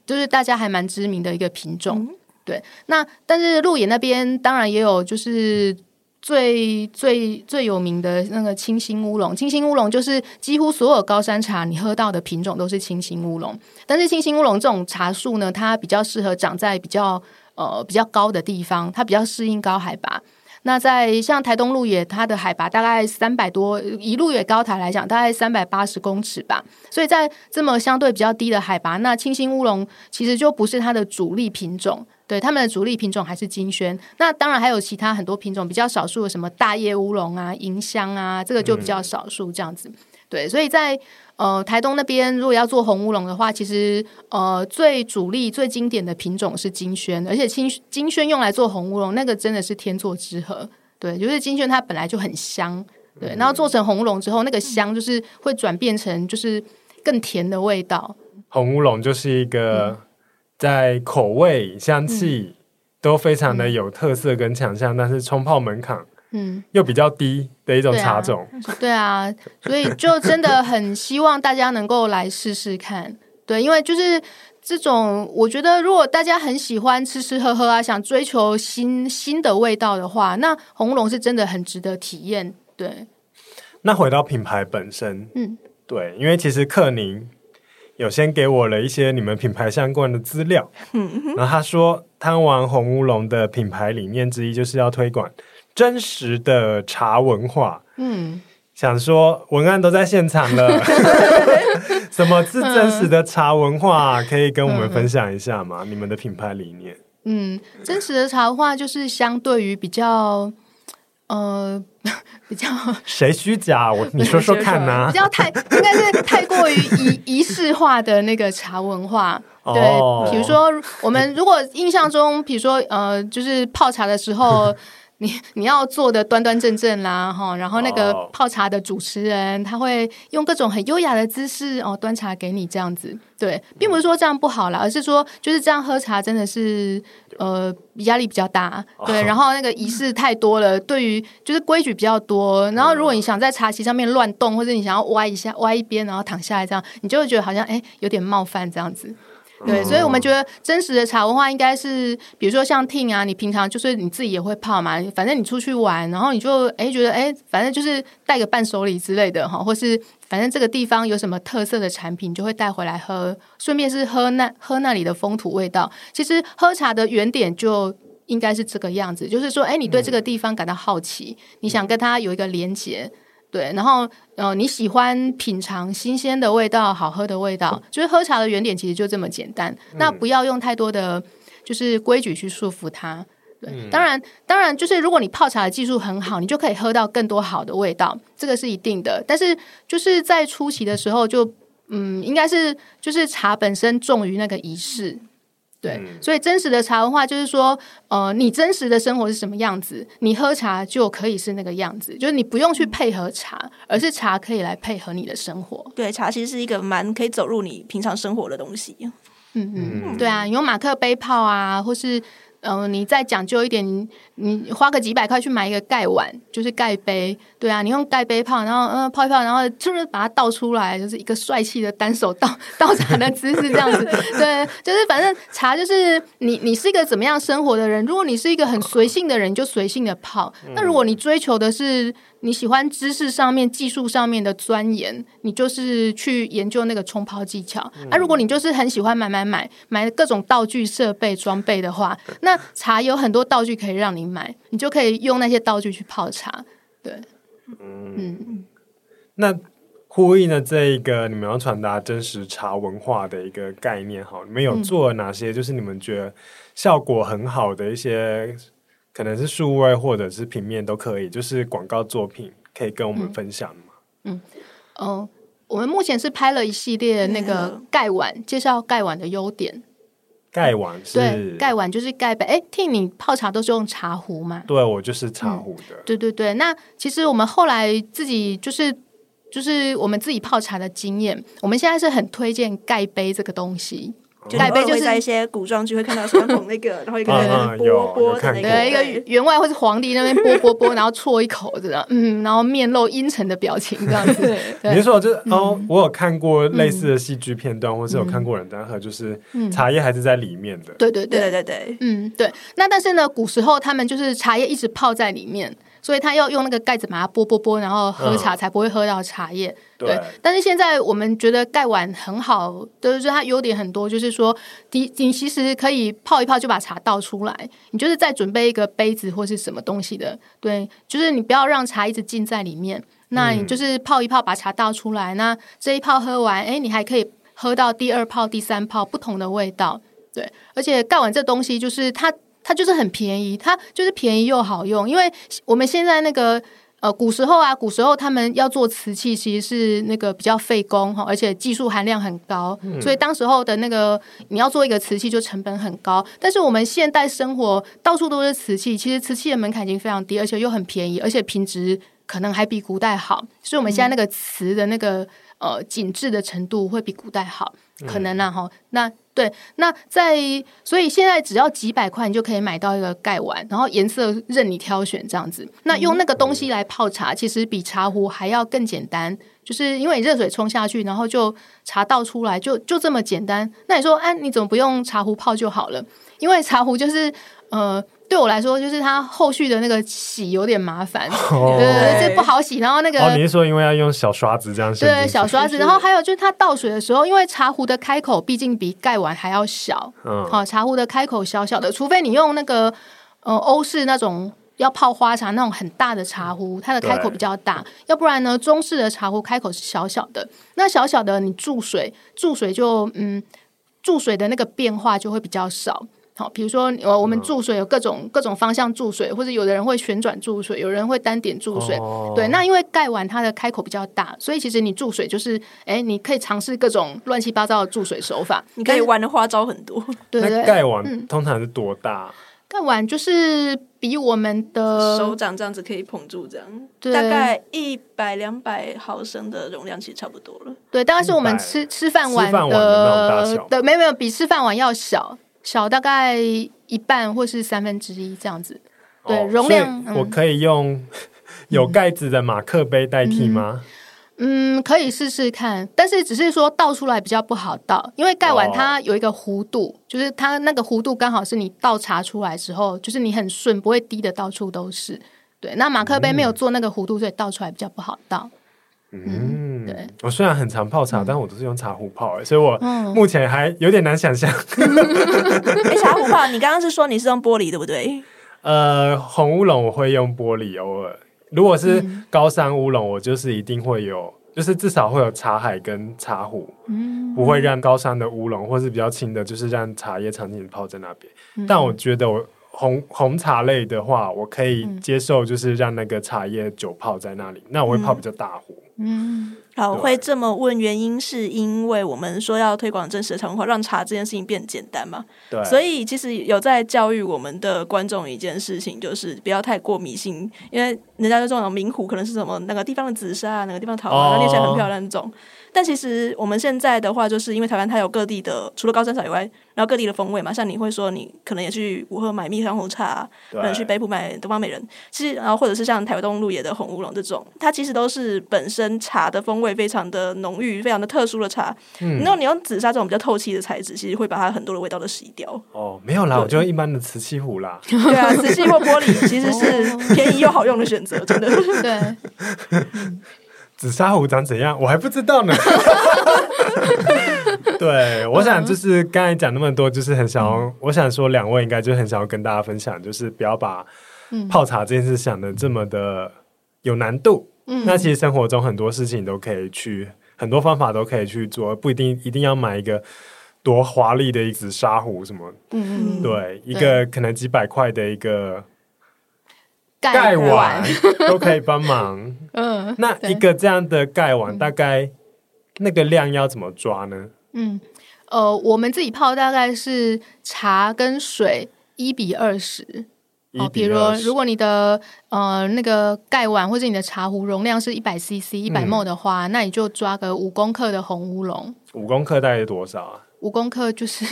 就是大家還蠻知名的一個品種，嗯、對，那但是鹿野那邊當然也有就是。嗯最最最有名的那個青心烏龍，青心烏龍就是幾乎所有高山茶你喝到的品種都是青心烏龍。但是青心烏龍這種茶樹呢，它比較適合長在比較呃比較高的地方，它比較適應高海拔。那在像台東鹿野，它的海拔大概三百多，以鹿野高台來講，大概三百八十公尺吧。所以在這麼相對比較低的海拔，那青心烏龍其實就不是它的主力品種。對，他們的主力品種還是金萱。那當然還有其他很多品種，比較少數的什麼大葉烏龍啊、迎香啊，這個就比較少數這樣子，嗯。對，所以在呃台東那邊，如果要做紅烏龍的話，其實呃最主力、最經典的品種是金萱，而且金金萱用來做紅烏龍，那個真的是天作之合。對，就是金萱它本來就很香，對，嗯、然後做成紅烏龍之後，那個香就是會轉變成就是更甜的味道。紅烏龍就是一個。嗯在口味、香氣都非常的有特色跟強項，嗯、但是沖泡門檻嗯又比較低的一種茶種，嗯對啊，對啊，所以就真的很希望大家能夠來試試看，對，因為就是這種，我覺得如果大家很喜歡吃吃喝喝啊，想追求新新的味道的話，那紅烏龍是真的很值得體驗，對。那回到品牌本身，嗯，對，因為其實克寧。有先給我了一些你們品牌相關的資料，嗯，然後他說，貪玩紅烏龍的品牌理念之一就是要推廣真實的茶文化。嗯，想說文案都在現場了， 什麼是真實的茶文化，嗯，可以跟我們分享一下嗎？嗯嗯，你們的品牌理念？嗯，真實的茶文化就是相對於比較呃，比較誰虛假？我 你說說看呢？啊？ 比較太應該是太過於儀 儀式化的那個茶文化， 對、哦。比如說，我們如果印象中，比如說呃，就是泡茶的時候。 你你要坐得端端正正啦，哈，然後那個泡茶的主持人他會用各種很優雅的姿勢哦，端茶給你這樣子，對，並不是說這樣不好啦，而是說就是這樣喝茶真的是呃壓力比較大，對，然後那個儀式太多了，對於就是規矩比較多，然後如果你想在茶席上面亂動，或者你想要歪一下歪一邊，然後躺下來這樣，你就會覺得好像哎有點冒犯這樣子。對，所以我們覺得真實的茶文化應該是，比如說像 Ling 啊，你平常就是你自己也會泡嘛，反正你出去玩，然後你就哎覺得哎，反正就是帶個伴手禮之類的哈，或是反正這個地方有什麼特色的產品，你就會帶回來喝，順便是喝那喝那裡的風土味道。其實喝茶的原點就應該是這個樣子，就是說，哎，你對這個地方感到好奇，嗯、你想跟他有一個連結對，然後嗯、呃，你喜歡品嘗新鮮的味道，好喝的味道，就是喝茶的原點，其實就這麼簡單。那不要用太多的，就是規矩去束縛它。對，當然，當然，就是如果你泡茶的技術很好，你就可以喝到更多好的味道，這個是一定的。但是就是在初期的時候就，就嗯，應該是就是茶本身重於那個儀式。對，所以真實的茶文化就是說，呃，你真實的生活是什麼樣子，你喝茶就可以是那個樣子，就是你不用去配合茶，而是茶可以來配合你的生活。對，茶其實是一個蠻可以走入你平常生活的東西。嗯嗯，對啊，你用馬克杯泡啊，或是。嗯、呃，你再講究一點你，你花個幾百塊去買一個蓋碗，就是蓋杯，對啊，你用蓋杯泡，然後嗯、呃，泡一泡，然後就是、呃、把它倒出來，就是一個帥氣的單手倒倒茶的姿勢，這樣子， 對，就是反正茶就是你，你是一個怎麼樣生活的人？如果你是一個很隨性的人，你就隨性的泡；那如果你追求的是，你喜歡知識上面、技術上面的鑽研，你就是去研究那個沖泡技巧。那、嗯啊、如果你就是很喜歡買買買，買各種道具、設備、裝備的話，那茶有很多道具可以讓你買，你就可以用那些道具去泡茶。對，嗯，嗯。那呼應了這一個，你們要傳達真實茶文化的一個概念，好，你們有做哪些，就是你們覺得效果很好的一些。可能是數位或者是平面都可以，就是廣告作品可以跟我們分享嗎？嗯，哦、嗯呃，我們目前是拍了一系列那個蓋碗，介紹蓋碗的優點。嗯、蓋碗是對蓋碗就是蓋杯，哎、欸，替你泡茶都是用茶壺嗎？對我就是茶壺的、嗯。對對對，那其實我們後來自己就是就是我們自己泡茶的經驗，我們現在是很推薦蓋杯這個東西。蓋杯就是在一些古裝劇會看到說捧那個、嗯，然後一個人剝那個，一個員外或者皇帝那邊剝剝剝， 然後啜一口這樣，嗯，然後面露陰沉的表情這樣子。你說就是、嗯、哦，我有看過類似的戲劇片段，嗯、或是有看過人家喝、嗯，就是茶葉還是在裡面的。對對對對對,對,對,對，嗯對。那但是呢，古時候他們就是茶葉一直泡在裡面。所以他要用那個蓋子把它撥撥撥，然後喝茶才不會喝到茶葉，嗯。對，但是現在我們覺得蓋碗很好，就是它優點很多，就是說，第你其實可以泡一泡就把茶倒出來，你就是再準備一個杯子或是什麼東西的，對，就是你不要讓茶一直浸在裡面。嗯、那你就是泡一泡把茶倒出來，那這一泡喝完，哎，你還可以喝到第二泡、第三泡不同的味道。對，而且蓋碗這東西就是它。它就是很便宜，它就是便宜又好用。因為我們現在那個呃古時候啊，古時候他們要做瓷器，其實是那個比較費工哈，而且技術含量很高，嗯、所以當時候的那個你要做一個瓷器就成本很高。但是我們現代生活到處都是瓷器，其實瓷器的門檻已經非常低，而且又很便宜，而且品質可能還比古代好，嗯、所以我們現在那個瓷的那個呃緊緻的程度會比古代好，可能啊。哈、嗯、那。對，那在所以現在只要幾百塊，你就可以買到一個蓋碗，然後顏色任你挑選這樣子。那用那個東西來泡茶，其實比茶壺還要更簡單，就是因為熱水沖下去，然後就茶倒出來，就就這麼簡單。那你說，哎、啊，你怎麼不用茶壺泡就好了？因為茶壺就是，呃。對我來說，就是它後續的那個洗有點麻煩，這、oh. 不, oh. 不好洗。然後那個哦，oh, 你是說因為要用小刷子這樣洗？對，小刷子。 然後還有就是它倒水的時候，因為茶壺的開口畢竟比蓋碗還要小。嗯，好，茶壺的開口小小的，除非你用那個呃歐式那種要泡花茶那種很大的茶壺，它的開口比較大。要不然呢，中式的茶壺開口是小小的，那小小的你注水注水就嗯注水的那個變化就會比較少。好，比如說，呃，我們注水有各種各種方向注水，嗯、或者有的人會旋轉注水，有人會單點注水。哦、對，那因為蓋碗它的開口比較大，所以其實你注水就是，哎、欸，你可以嘗試各種亂七八糟的注水手法，你可以玩的花招很多。但對，對，那蓋碗通常是多大？嗯、蓋碗就是比我們的手掌這樣子可以捧住，這樣大概一百兩百毫升的容量其實差不多了。對，當然是我們吃吃飯碗的，碗的大小的沒有沒有比吃飯碗要小。少大概一半或是三分之一這樣子，對、哦、容量，我可以用有蓋子的馬克杯代替嗎？嗯，嗯，可以試試看，但是只是說倒出來比較不好倒，因為蓋碗它有一個弧度，哦、就是它那個弧度剛好是你倒茶出來之後，就是你很順，不會滴的到處都是。對，那馬克杯沒有做那個弧度，所以倒出來比較不好倒。嗯，對，我雖然很常泡茶，嗯、但我都是用茶壺泡、欸，所以我目前還有點難想象、嗯 哎。茶壺泡，你剛剛是說你是用玻璃對不對？呃，紅烏龍我會用玻璃，偶爾如果是高山烏龍，我就是一定會有，嗯、就是至少會有茶海跟茶壺、嗯，不會讓高山的烏龍或是比較輕的，就是讓茶葉長時間泡在那邊、嗯。但我覺得我。紅紅茶類的話，我可以接受，就是讓那個茶葉久泡在那裡、嗯。那我會泡比較大壺。嗯，嗯好，我會這麼問，原因是因為我們說要推廣真實的茶文化，讓茶這件事情變簡單嘛。對，所以其實有在教育我們的觀眾一件事情，就是不要太過迷信，因為人家說這種名壺，可能是什麼哪個地方的紫砂、啊，哪個地方的陶啊，看起來很漂亮那種。但其實我們現在的話，就是因為台灣它有各地的，除了高山茶以外，然後各地的風味嘛，像你會說你可能也去舞鶴買蜜香紅茶、啊，可能去北埔買東方美人，其實然後或者是像台東鹿野的紅烏龍這種，它其實都是本身茶的風味非常的濃郁、非常的特殊的茶。嗯，你那你用紫砂這種比較透氣的材質，其實會把它很多的味道都洗掉。哦，沒有啦，我就一般的瓷器壺啦。對啊，瓷器或玻璃其實是便宜又好用的選擇， 真的。對。嗯紫砂壺長怎樣？我還不知道呢。 對，我想就是剛才講那麼多，就是很想要，嗯，我想說兩位應該就很想要跟大家分享，就是不要把泡茶這件事想得這麼的有難度，嗯。那其實生活中很多事情都可以去，很多方法都可以去做，不一定一定要買一個多華麗的一個紫砂壺什麼，嗯。對，一個可能幾百塊的一個。蓋碗，碗 都可以幫忙。 嗯，那一個這樣的蓋碗，大概那個量要怎麼抓呢？嗯，呃，我們自己泡大概是茶跟水一比二十。哦，比如如果你的呃那個蓋碗或者你的茶壺容量是一百 CC、一百 ml 的話、嗯，那你就抓個五公克的紅烏龍。五公克大概多少啊？五公克就是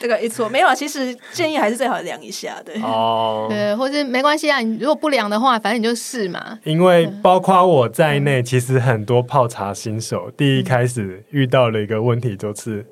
這個一錯，沒有啊。其實建議還是最好量一下，對，對，或者沒關係啊。你如果不量的話，反正你就試嘛。因為包括我在內，其實很多泡茶新手第一開始遇到了一個問題，就是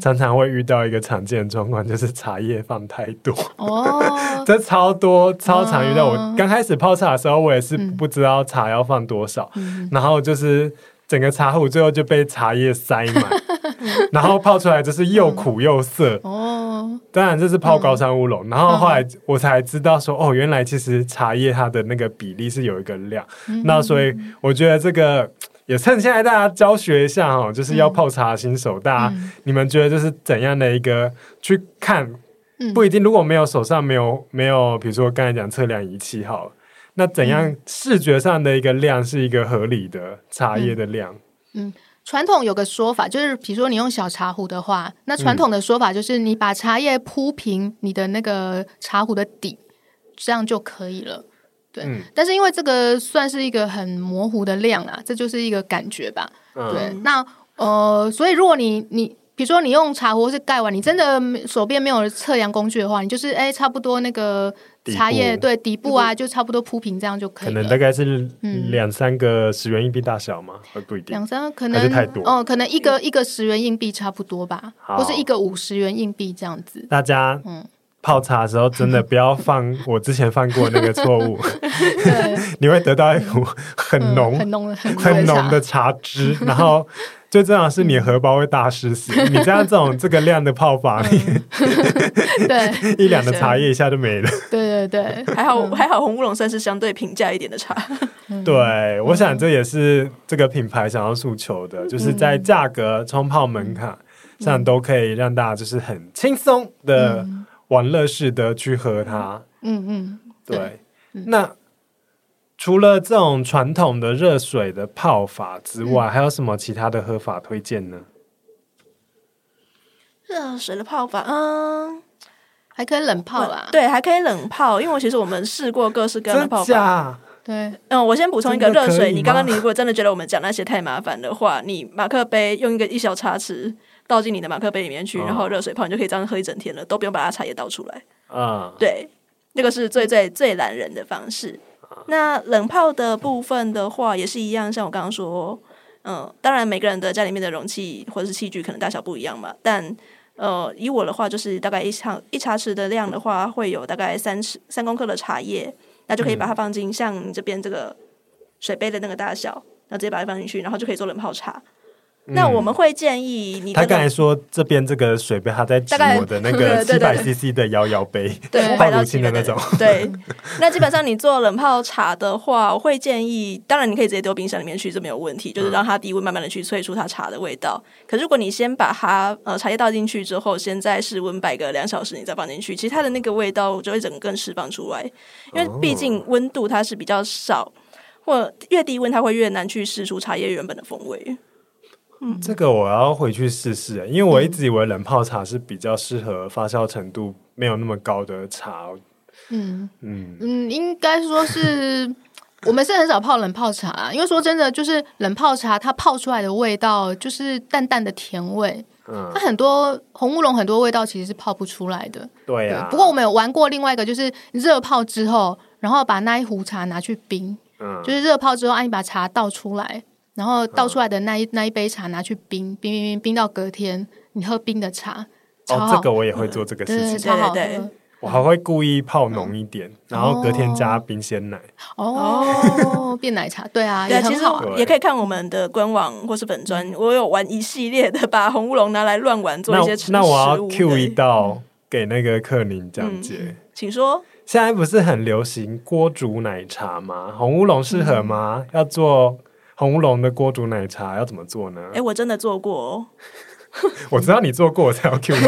常常會遇到一個常見的狀況，就是茶葉放太多。哦，這超多超常遇到。我剛開始泡茶的時候，我也是不知道茶要放多少，然後就是整個茶壺最後就被茶葉塞滿、oh,。Um, um, 然後泡出來就是又苦又澀、嗯、哦。當然這是泡高山烏龍、嗯。然後後來我才知道說哦，哦，原來其實茶葉它的那個比例是有一個量。嗯、那所以我覺得這個也趁現在大家教學一下、哦、就是要泡茶新手，嗯、大家、嗯、你們覺得這是怎樣的一個去看、嗯。不一定，如果沒有手上沒有沒有，比如說剛才講測量儀器好了，那怎樣視覺上的一個量是一個合理的茶葉的量？嗯。嗯嗯。傳統有個說法，就是比如說你用小茶壺的話，那傳統的說法就是你把茶葉鋪平你的那個茶壺的底，嗯，這樣就可以了。對，嗯，但是因為這個算是一個很模糊的量啊，這就是一個感覺吧。對，嗯，那呃，所以如果你你比如說你用茶壺是蓋碗，你真的手邊沒有測量工具的話，你就是哎，欸、差不多那個。茶葉對底部啊，就差不多鋪平，這樣就可以。可能大概是兩三個十元硬幣大小嘛、嗯，還不一定。兩三個可能太多哦、嗯，可能一個一個十元硬幣差不多吧，或是一個五十元硬幣這樣子。大家嗯，泡茶的時候真的不要放我之前犯過那個錯誤， 對 你會得到一股很濃、嗯、很濃、很濃的茶汁， 然後最重要的是你的荷包會大失血。 你這樣這種這個量的泡法，嗯、 對一兩的茶葉一下就沒了。對。對，還好、嗯、還好，紅烏龍算是相對平價一點的茶。對、嗯，我想這也是這個品牌想要訴求的、嗯，就是在價格、沖泡門檻上、嗯、上都可以讓大家就是很輕鬆的玩樂式的去喝它。嗯嗯，對。嗯、那除了這種傳統的熱水的泡法之外、嗯，還有什麼其他的喝法推薦呢？熱水的泡法，啊、嗯。還可以冷泡啊、嗯，對，還可以冷泡，因為其實我們試過各式各樣的泡法。嗯、對，嗯，我先補充一個熱水。你剛剛你如果真的覺得我們講那些太麻煩的話，你馬克杯用一個一小茶匙倒進你的馬克杯裡面去，嗯、然後熱水泡，你就可以這樣喝一整天了，都不用把它茶葉倒出來。啊、嗯，對，那個是最最最懶人的方式、嗯。那冷泡的部分的話，也是一樣，像我剛剛說，嗯，當然每個人的家裡面的容器或者是器具可能大小不一樣嘛，但。呃，以我的話，就是大概一茶一茶匙的量的話，會有大概三十三公克的茶葉，那就可以把它放進像你這邊這個水杯的那個大小，嗯，然後直接把它放進去，然後就可以做冷泡茶。那我們會建議你的、嗯，他剛才說這邊這個水杯，他在煮大我的那個七百 CC 的搖搖杯， 對，泡乳清的那種。對，對對 那基本上你做冷泡茶的話，我會建議，當然你可以直接丟冰箱裡面去，這沒有問題。就是讓它低溫慢慢的去萃出它茶的味道。嗯、可如果你先把它呃茶葉倒進去之後，先在室溫擺個兩小時，你再放進去，其實它的那個味道就會整個更釋放出來。因為畢竟溫度它是比較少，哦、或越低溫它會越難去釋出茶葉原本的風味。嗯、這個我要回去試試耶，因為我一直以為冷泡茶是比較適合發酵程度沒有那麼高的茶。嗯嗯嗯，嗯，應該說是 我們是很少泡冷泡茶，因為說真的，就是冷泡茶它泡出來的味道就是淡淡的甜味。嗯，它很多紅烏龍很多味道其實是泡不出來的。對呀、啊。不過我們有玩過另外一個，就是熱泡之後，然後把那一壺茶拿去冰。嗯。就是熱泡之後，按一把茶倒出來。然後倒出來的那一那一杯茶拿去冰冰冰冰到隔天你喝冰的茶，哦，這個我也會做這個事情對，對對對，我還會故意泡濃一點、嗯，然後隔天加冰鮮奶，哦， 哦，變奶茶，對啊，對也好啊，其實也可以看我們的官網或是本專、嗯，我有玩一系列的，把紅烏龍拿來亂玩做一些吃。那那我要 Q 一道，嗯、給那個克寧講解、嗯，請說，現在不是很流行鍋煮奶茶嗎？紅烏龍適合嗎？嗯、要做。紅烏龍的鍋煮奶茶要怎麼做呢？哎、欸，我真的做過、哦， 我知道你做過，我才要 cue 你。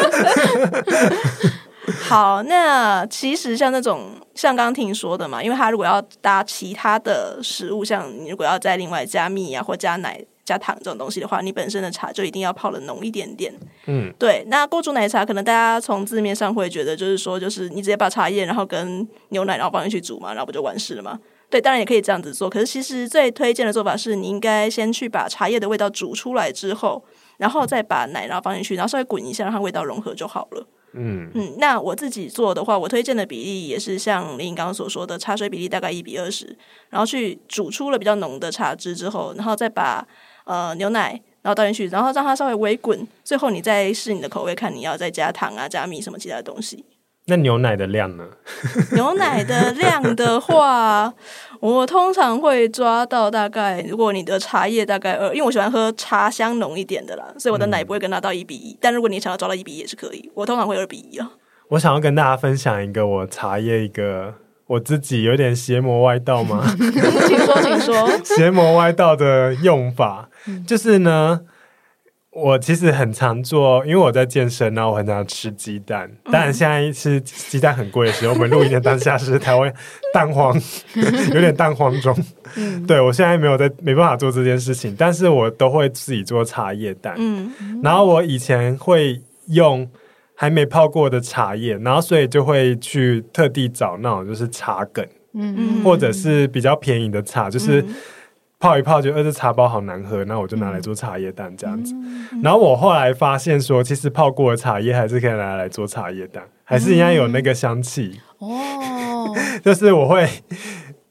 好，那其實像那種像剛剛聽說的嘛，因為它如果要搭其他的食物，像你如果要再另外加蜜啊或加奶、加糖這種東西的話，你本身的茶就一定要泡得濃一點點。嗯，對。那鍋煮奶茶可能大家從字面上會覺得，就是說，就是你直接把茶葉然後跟牛奶然後放進去煮嘛，然後不就完事了嗎？對，當然也可以這樣子做。可是其實最推薦的做法是，你應該先去把茶葉的味道煮出來之後，然後再把奶然後放進去，然後稍微滾一下，讓它味道融合就好了。嗯嗯，那我自己做的話，我推薦的比例也是像林剛剛所說的，茶水比例大概一比二十，然後去煮出了比較濃的茶汁之後，然後再把呃牛奶然後倒進去，然後讓它稍微微滾，最後你再試你的口味看，看你要再加糖啊、加蜜什麼其他的東西。那牛奶的量呢？ 牛奶的量的話，我通常會抓到大概，如果你的茶葉大概二，因為我喜歡喝茶香濃一點的啦，所以我的奶不會跟它到一比一、嗯。但如果你想要抓到一比一也是可以，我通常會二比一哦、喔。我想要跟大家分享一個我茶葉一個我自己有點邪魔歪道嗎？ 請說，請說。邪魔歪道的用法，嗯、就是呢。我其實很常做，因為我在健身、啊，然後我很常吃雞蛋。當、嗯、然，現在吃雞蛋很貴的時候， 我們錄一點錄音的當下是台灣蛋黃， 有點蛋黃中。嗯、對我現在沒有在沒辦法做這件事情，但是我都會自己做茶葉蛋。嗯，然後我以前會用還沒泡過的茶葉，然後所以就會去特地找那種就是茶梗，嗯嗯，或者是比較便宜的茶，就是。泡一泡就，呃、欸、這茶包好難喝，那我就拿來做茶葉蛋這樣子、嗯嗯。然後我後來發現說，其實泡過的茶葉還是可以拿來做茶葉蛋、嗯，還是應該有那個香氣。哦、嗯， 就是我會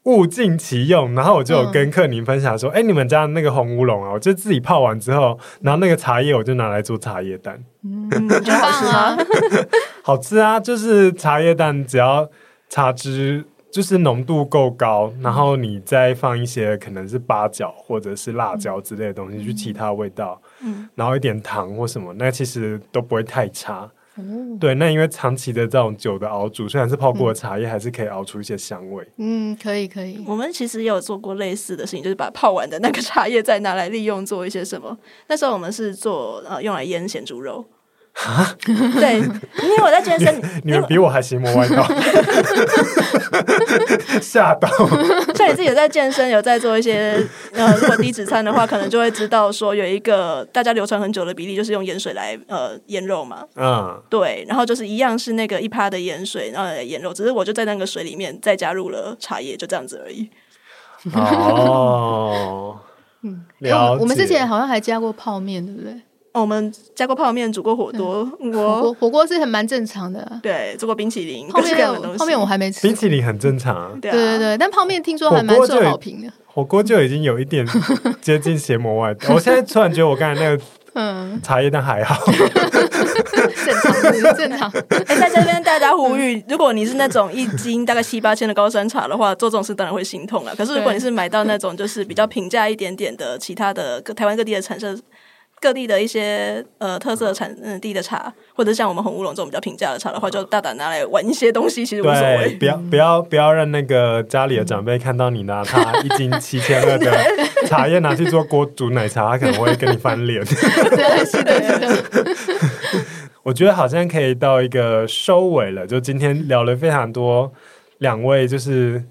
物盡其用。然後我就有跟克寧分享說：“哎、嗯欸，你們家的那個紅烏龍啊，我就自己泡完之後，拿那個茶葉我就拿來做茶葉蛋，好、嗯、吃 棒啊， 好吃啊。就是茶葉蛋只要茶汁。”就是濃度夠高，然後你再放一些可能是八角或者是辣椒之類的東西、嗯、去其他味道，嗯，然後一點糖或什麼，那其實都不會太差。嗯、對，那因為長期的這種酒的熬煮，雖然是泡過的茶葉，還是可以熬出一些香味。嗯，可以可以。我們其實也有做過類似的事情，就是把泡完的那個茶葉再拿來利用做一些什麼。那時候我們是做呃、啊、用來醃鹹豬肉。啊，對，因為我在健身， 你，你們比我還邪魔外道，嚇 到！像你自己有在健身，有在做一些呃，如果低脂餐的話，可能就會知道說有一個大家流傳很久的比例，就是用鹽水來呃醃肉嘛。嗯，對，然後就是一樣是那個一趴的鹽水，然後來醃肉，只是我就在那個水裡面再加入了茶葉，就這樣子而已。哦，嗯，了解。我們之前好像還加過泡麵，對不對？哦、我們加過泡麵，煮過火鍋、嗯，火鍋火鍋是很蠻正常的、啊。對，煮過冰淇淋，泡麵泡麵我還沒吃。冰淇淋很正常、啊，對對對。但泡麵聽說還蠻受好評的。火鍋就，火鍋就已經有一點接近邪魔外道。 我現在突然覺得我剛才那個嗯茶葉蛋還好，正 常 正常。哎、 欸，在這邊大家呼籲、嗯，如果你是那種一斤大概七八千的高山茶的話，做這種事當然會心痛了。可是如果你是買到那種就是比較平價一點點的，其他的台灣各地的產茶。各地的一些呃特色產嗯地的茶，或者像我們紅烏龍這種比較平價的茶的話，就大膽拿來玩一些東西，其實無所謂。不要不要不要讓那個家裡的長輩看到你拿他一斤七千二的茶葉拿去做鍋煮奶茶，他可能會跟你翻臉。 是 我覺得好像可以到一個收尾了，就今天聊了非常多，兩位就是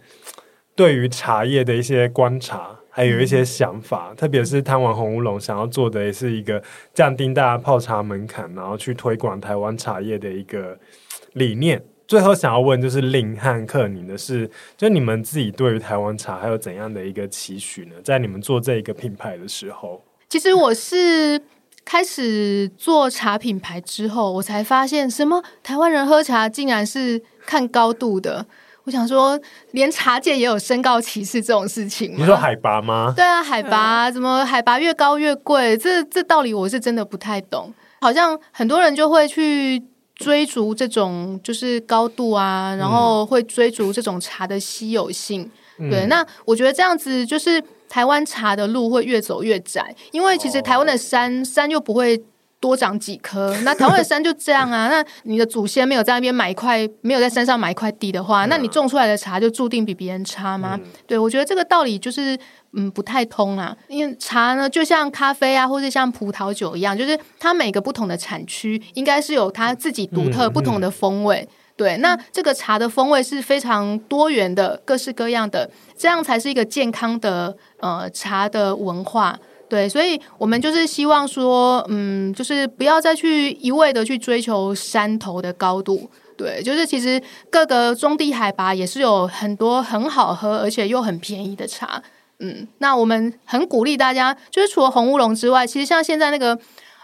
對於茶葉的一些觀察。還有一些想法，嗯、特別是貪玩紅烏龍，想要做的也是一個降低大家泡茶門檻，然後去推廣台灣茶葉的一個理念。最後想要問就是 Ling 和克寧，你的是就你們自己對於台灣茶還有怎樣的一個期許呢？在你們做這一個品牌的時候，其實我是開始做茶品牌之後，我才發現，什麼台灣人喝茶竟然是看高度的。我想說，連茶界也有身高歧視這種事情。你說海拔嗎？對啊，海拔，怎麼海拔越高越貴？這這道理我是真的不太懂。好像很多人就會去追逐這種就是高度啊，然後會追逐這種茶的稀有性。嗯、對、嗯，那我覺得這樣子就是台灣茶的路會越走越窄，因為其實台灣的山、哦、山又不會。多長幾棵？那台灣的山就這樣啊？ 那你的祖先沒有在那邊買一塊，沒有在山上買一塊地的話，那你種出來的茶就注定比別人差嗎？嗯、對，我覺得這個道理就是，嗯，不太通啦、啊。因為茶呢，就像咖啡啊，或是像葡萄酒一樣，就是它每個不同的產區應該是有它自己獨特不同的風味。嗯嗯、對，那這個茶的風味是非常多元的，各式各樣的，這樣才是一個健康的呃茶的文化。對，所以我們就是希望說，嗯，就是不要再去一味的去追求山頭的高度，對，就是其實各個中低海拔也是有很多很好喝，而且又很便宜的茶，嗯，那我們很鼓勵大家，就是除了紅烏龍之外，其實像現在那個。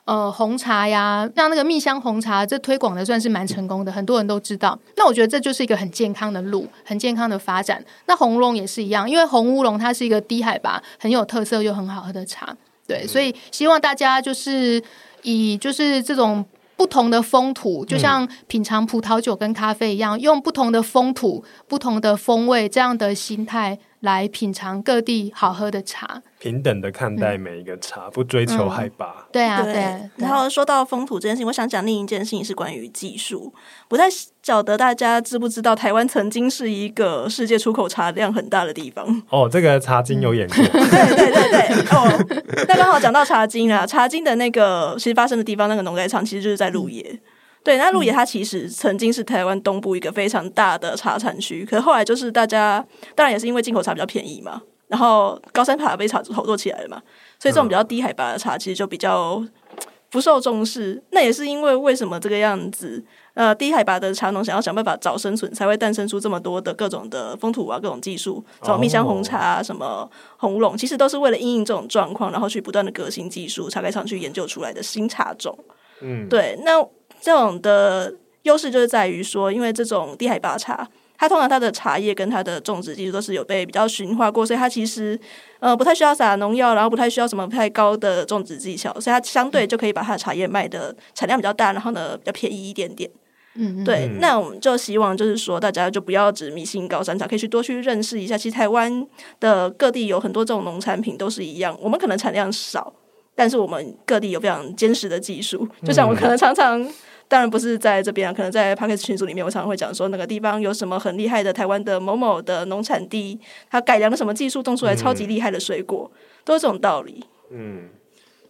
呃，紅茶呀，像那個蜜香紅茶，這推廣的算是蠻成功的，很多人都知道。那我覺得這就是一個很健康的路，很健康的發展。那紅烏龍也是一樣，因為紅烏龍它是一個低海拔、很有特色又很好喝的茶，對。所以希望大家就是以就是這種不同的風土，就像品嘗葡萄酒跟咖啡一樣，用不同的風土、不同的風味這樣的心態。來品嚐各地好喝的茶，平等的看待每一個茶，嗯、不追求海拔、嗯。對啊，對，對啊。然後說到風土這件事情，我想講另一件事情是關於技術。不太曉得大家知不知道，台灣曾經是一個世界出口茶量很大的地方。哦，這個茶金有演過。嗯、 對對對對。 哦，那剛好講到茶金啊， 茶金的那個其實發生的地方，那個農改場其實就是在鹿野。嗯對，那鹿野它其實曾經是台灣東部一個非常大的茶產區，嗯、可後來就是大家當然也是因為進口茶比較便宜嘛，然後高山茶被茶炒作起來了嘛，所以這種比較低海拔的茶其實就比較不受重視。嗯、那也是因為為什麼這個樣子？呃，低海拔的茶農想要想辦法找生存，才會誕生出這麼多的各種的風土啊、各種技術，什麼蜜香紅茶、啊哦、什麼紅龍，其實都是為了因應這種狀況，然後去不斷的革新技術，茶改場去研究出來的新茶種。嗯，對，那。這種的優勢就是在於說，因為這種低海拔茶，它通常它的茶葉跟它的種植技術都是有被比較馴化過，所以它其實呃不太需要撒農藥，然後不太需要什麼太高的種植技巧，所以它相對就可以把它的茶葉賣得產量比較大，然後呢比較便宜一點點。嗯，對。嗯嗯嗯，那我們就希望就是說，大家就不要只迷信高山茶，可以去多去認識一下。其實台灣的各地有很多這種農產品都是一樣，我們可能產量少，但是我們各地有非常堅實的技術。就像我可能常常。當然不是在這邊啊，可能在 Podcast 群組裡面，我常常會講說，那個地方有什麼很厲害的台灣的某某的農產地，他改良了什麼技術，種出來超級厲害的水果，嗯、都是這種道理。嗯，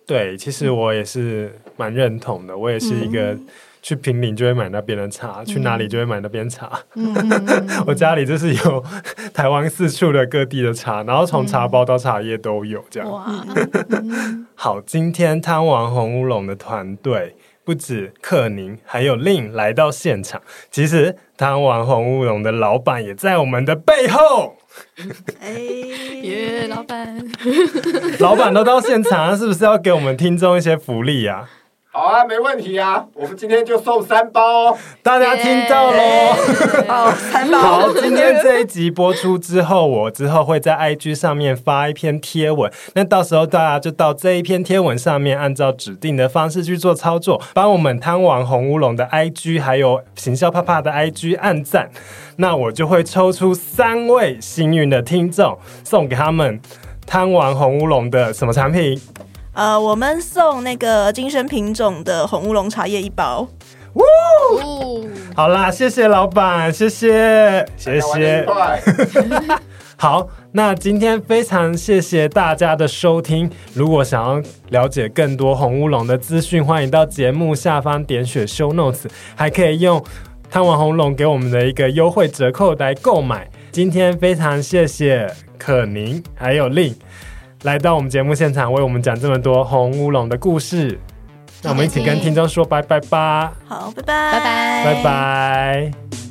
對，其實我也是蠻認同的，我也是一個去坪林就會買那邊的茶，嗯，去哪裡就會買那邊茶。嗯、 我家裡就是有台灣四處的各地的茶，然後從茶包到茶葉都有這樣。哇、嗯，嗯、 好，今天貪玩紅烏龍的團隊。不只克寧，還有 Ling 來到現場。其實，貪玩紅烏龍的老闆也在我們的背後。哎， yeah, 老闆， 老闆都到現場了，是不是要給我們聽眾一些福利呀、啊？好啊，沒問題啊！我們今天就送三包哦，大家聽到嘍。 好，三包。好，今天這一集播出之後， 我之後會在 I G 上面發一篇貼文，那到時候大家就到這一篇貼文上面，按照指定的方式去做操作，幫我們貪玩紅烏龍的 I G，還有行銷啪啪的 I G 按讚，那我就會抽出三位幸運的聽眾，送給他們貪玩紅烏龍的什麼產品？呃，我們送那個金神品種的紅烏龍茶葉一包。嗚，好啦，謝謝老闆，謝謝，謝謝。 好，那今天非常謝謝大家的收聽。如果想要了解更多紅烏龍的資訊，歡迎到節目下方點選 Show Notes，還可以用貪玩紅烏龍給我們的一個優惠折扣來購買。今天非常謝謝克寧還有 Ling。來到我們節目現場，為我們講這麼多紅烏龍的故事，那我們一起跟聽眾說拜拜吧。好，拜拜，拜拜，拜拜。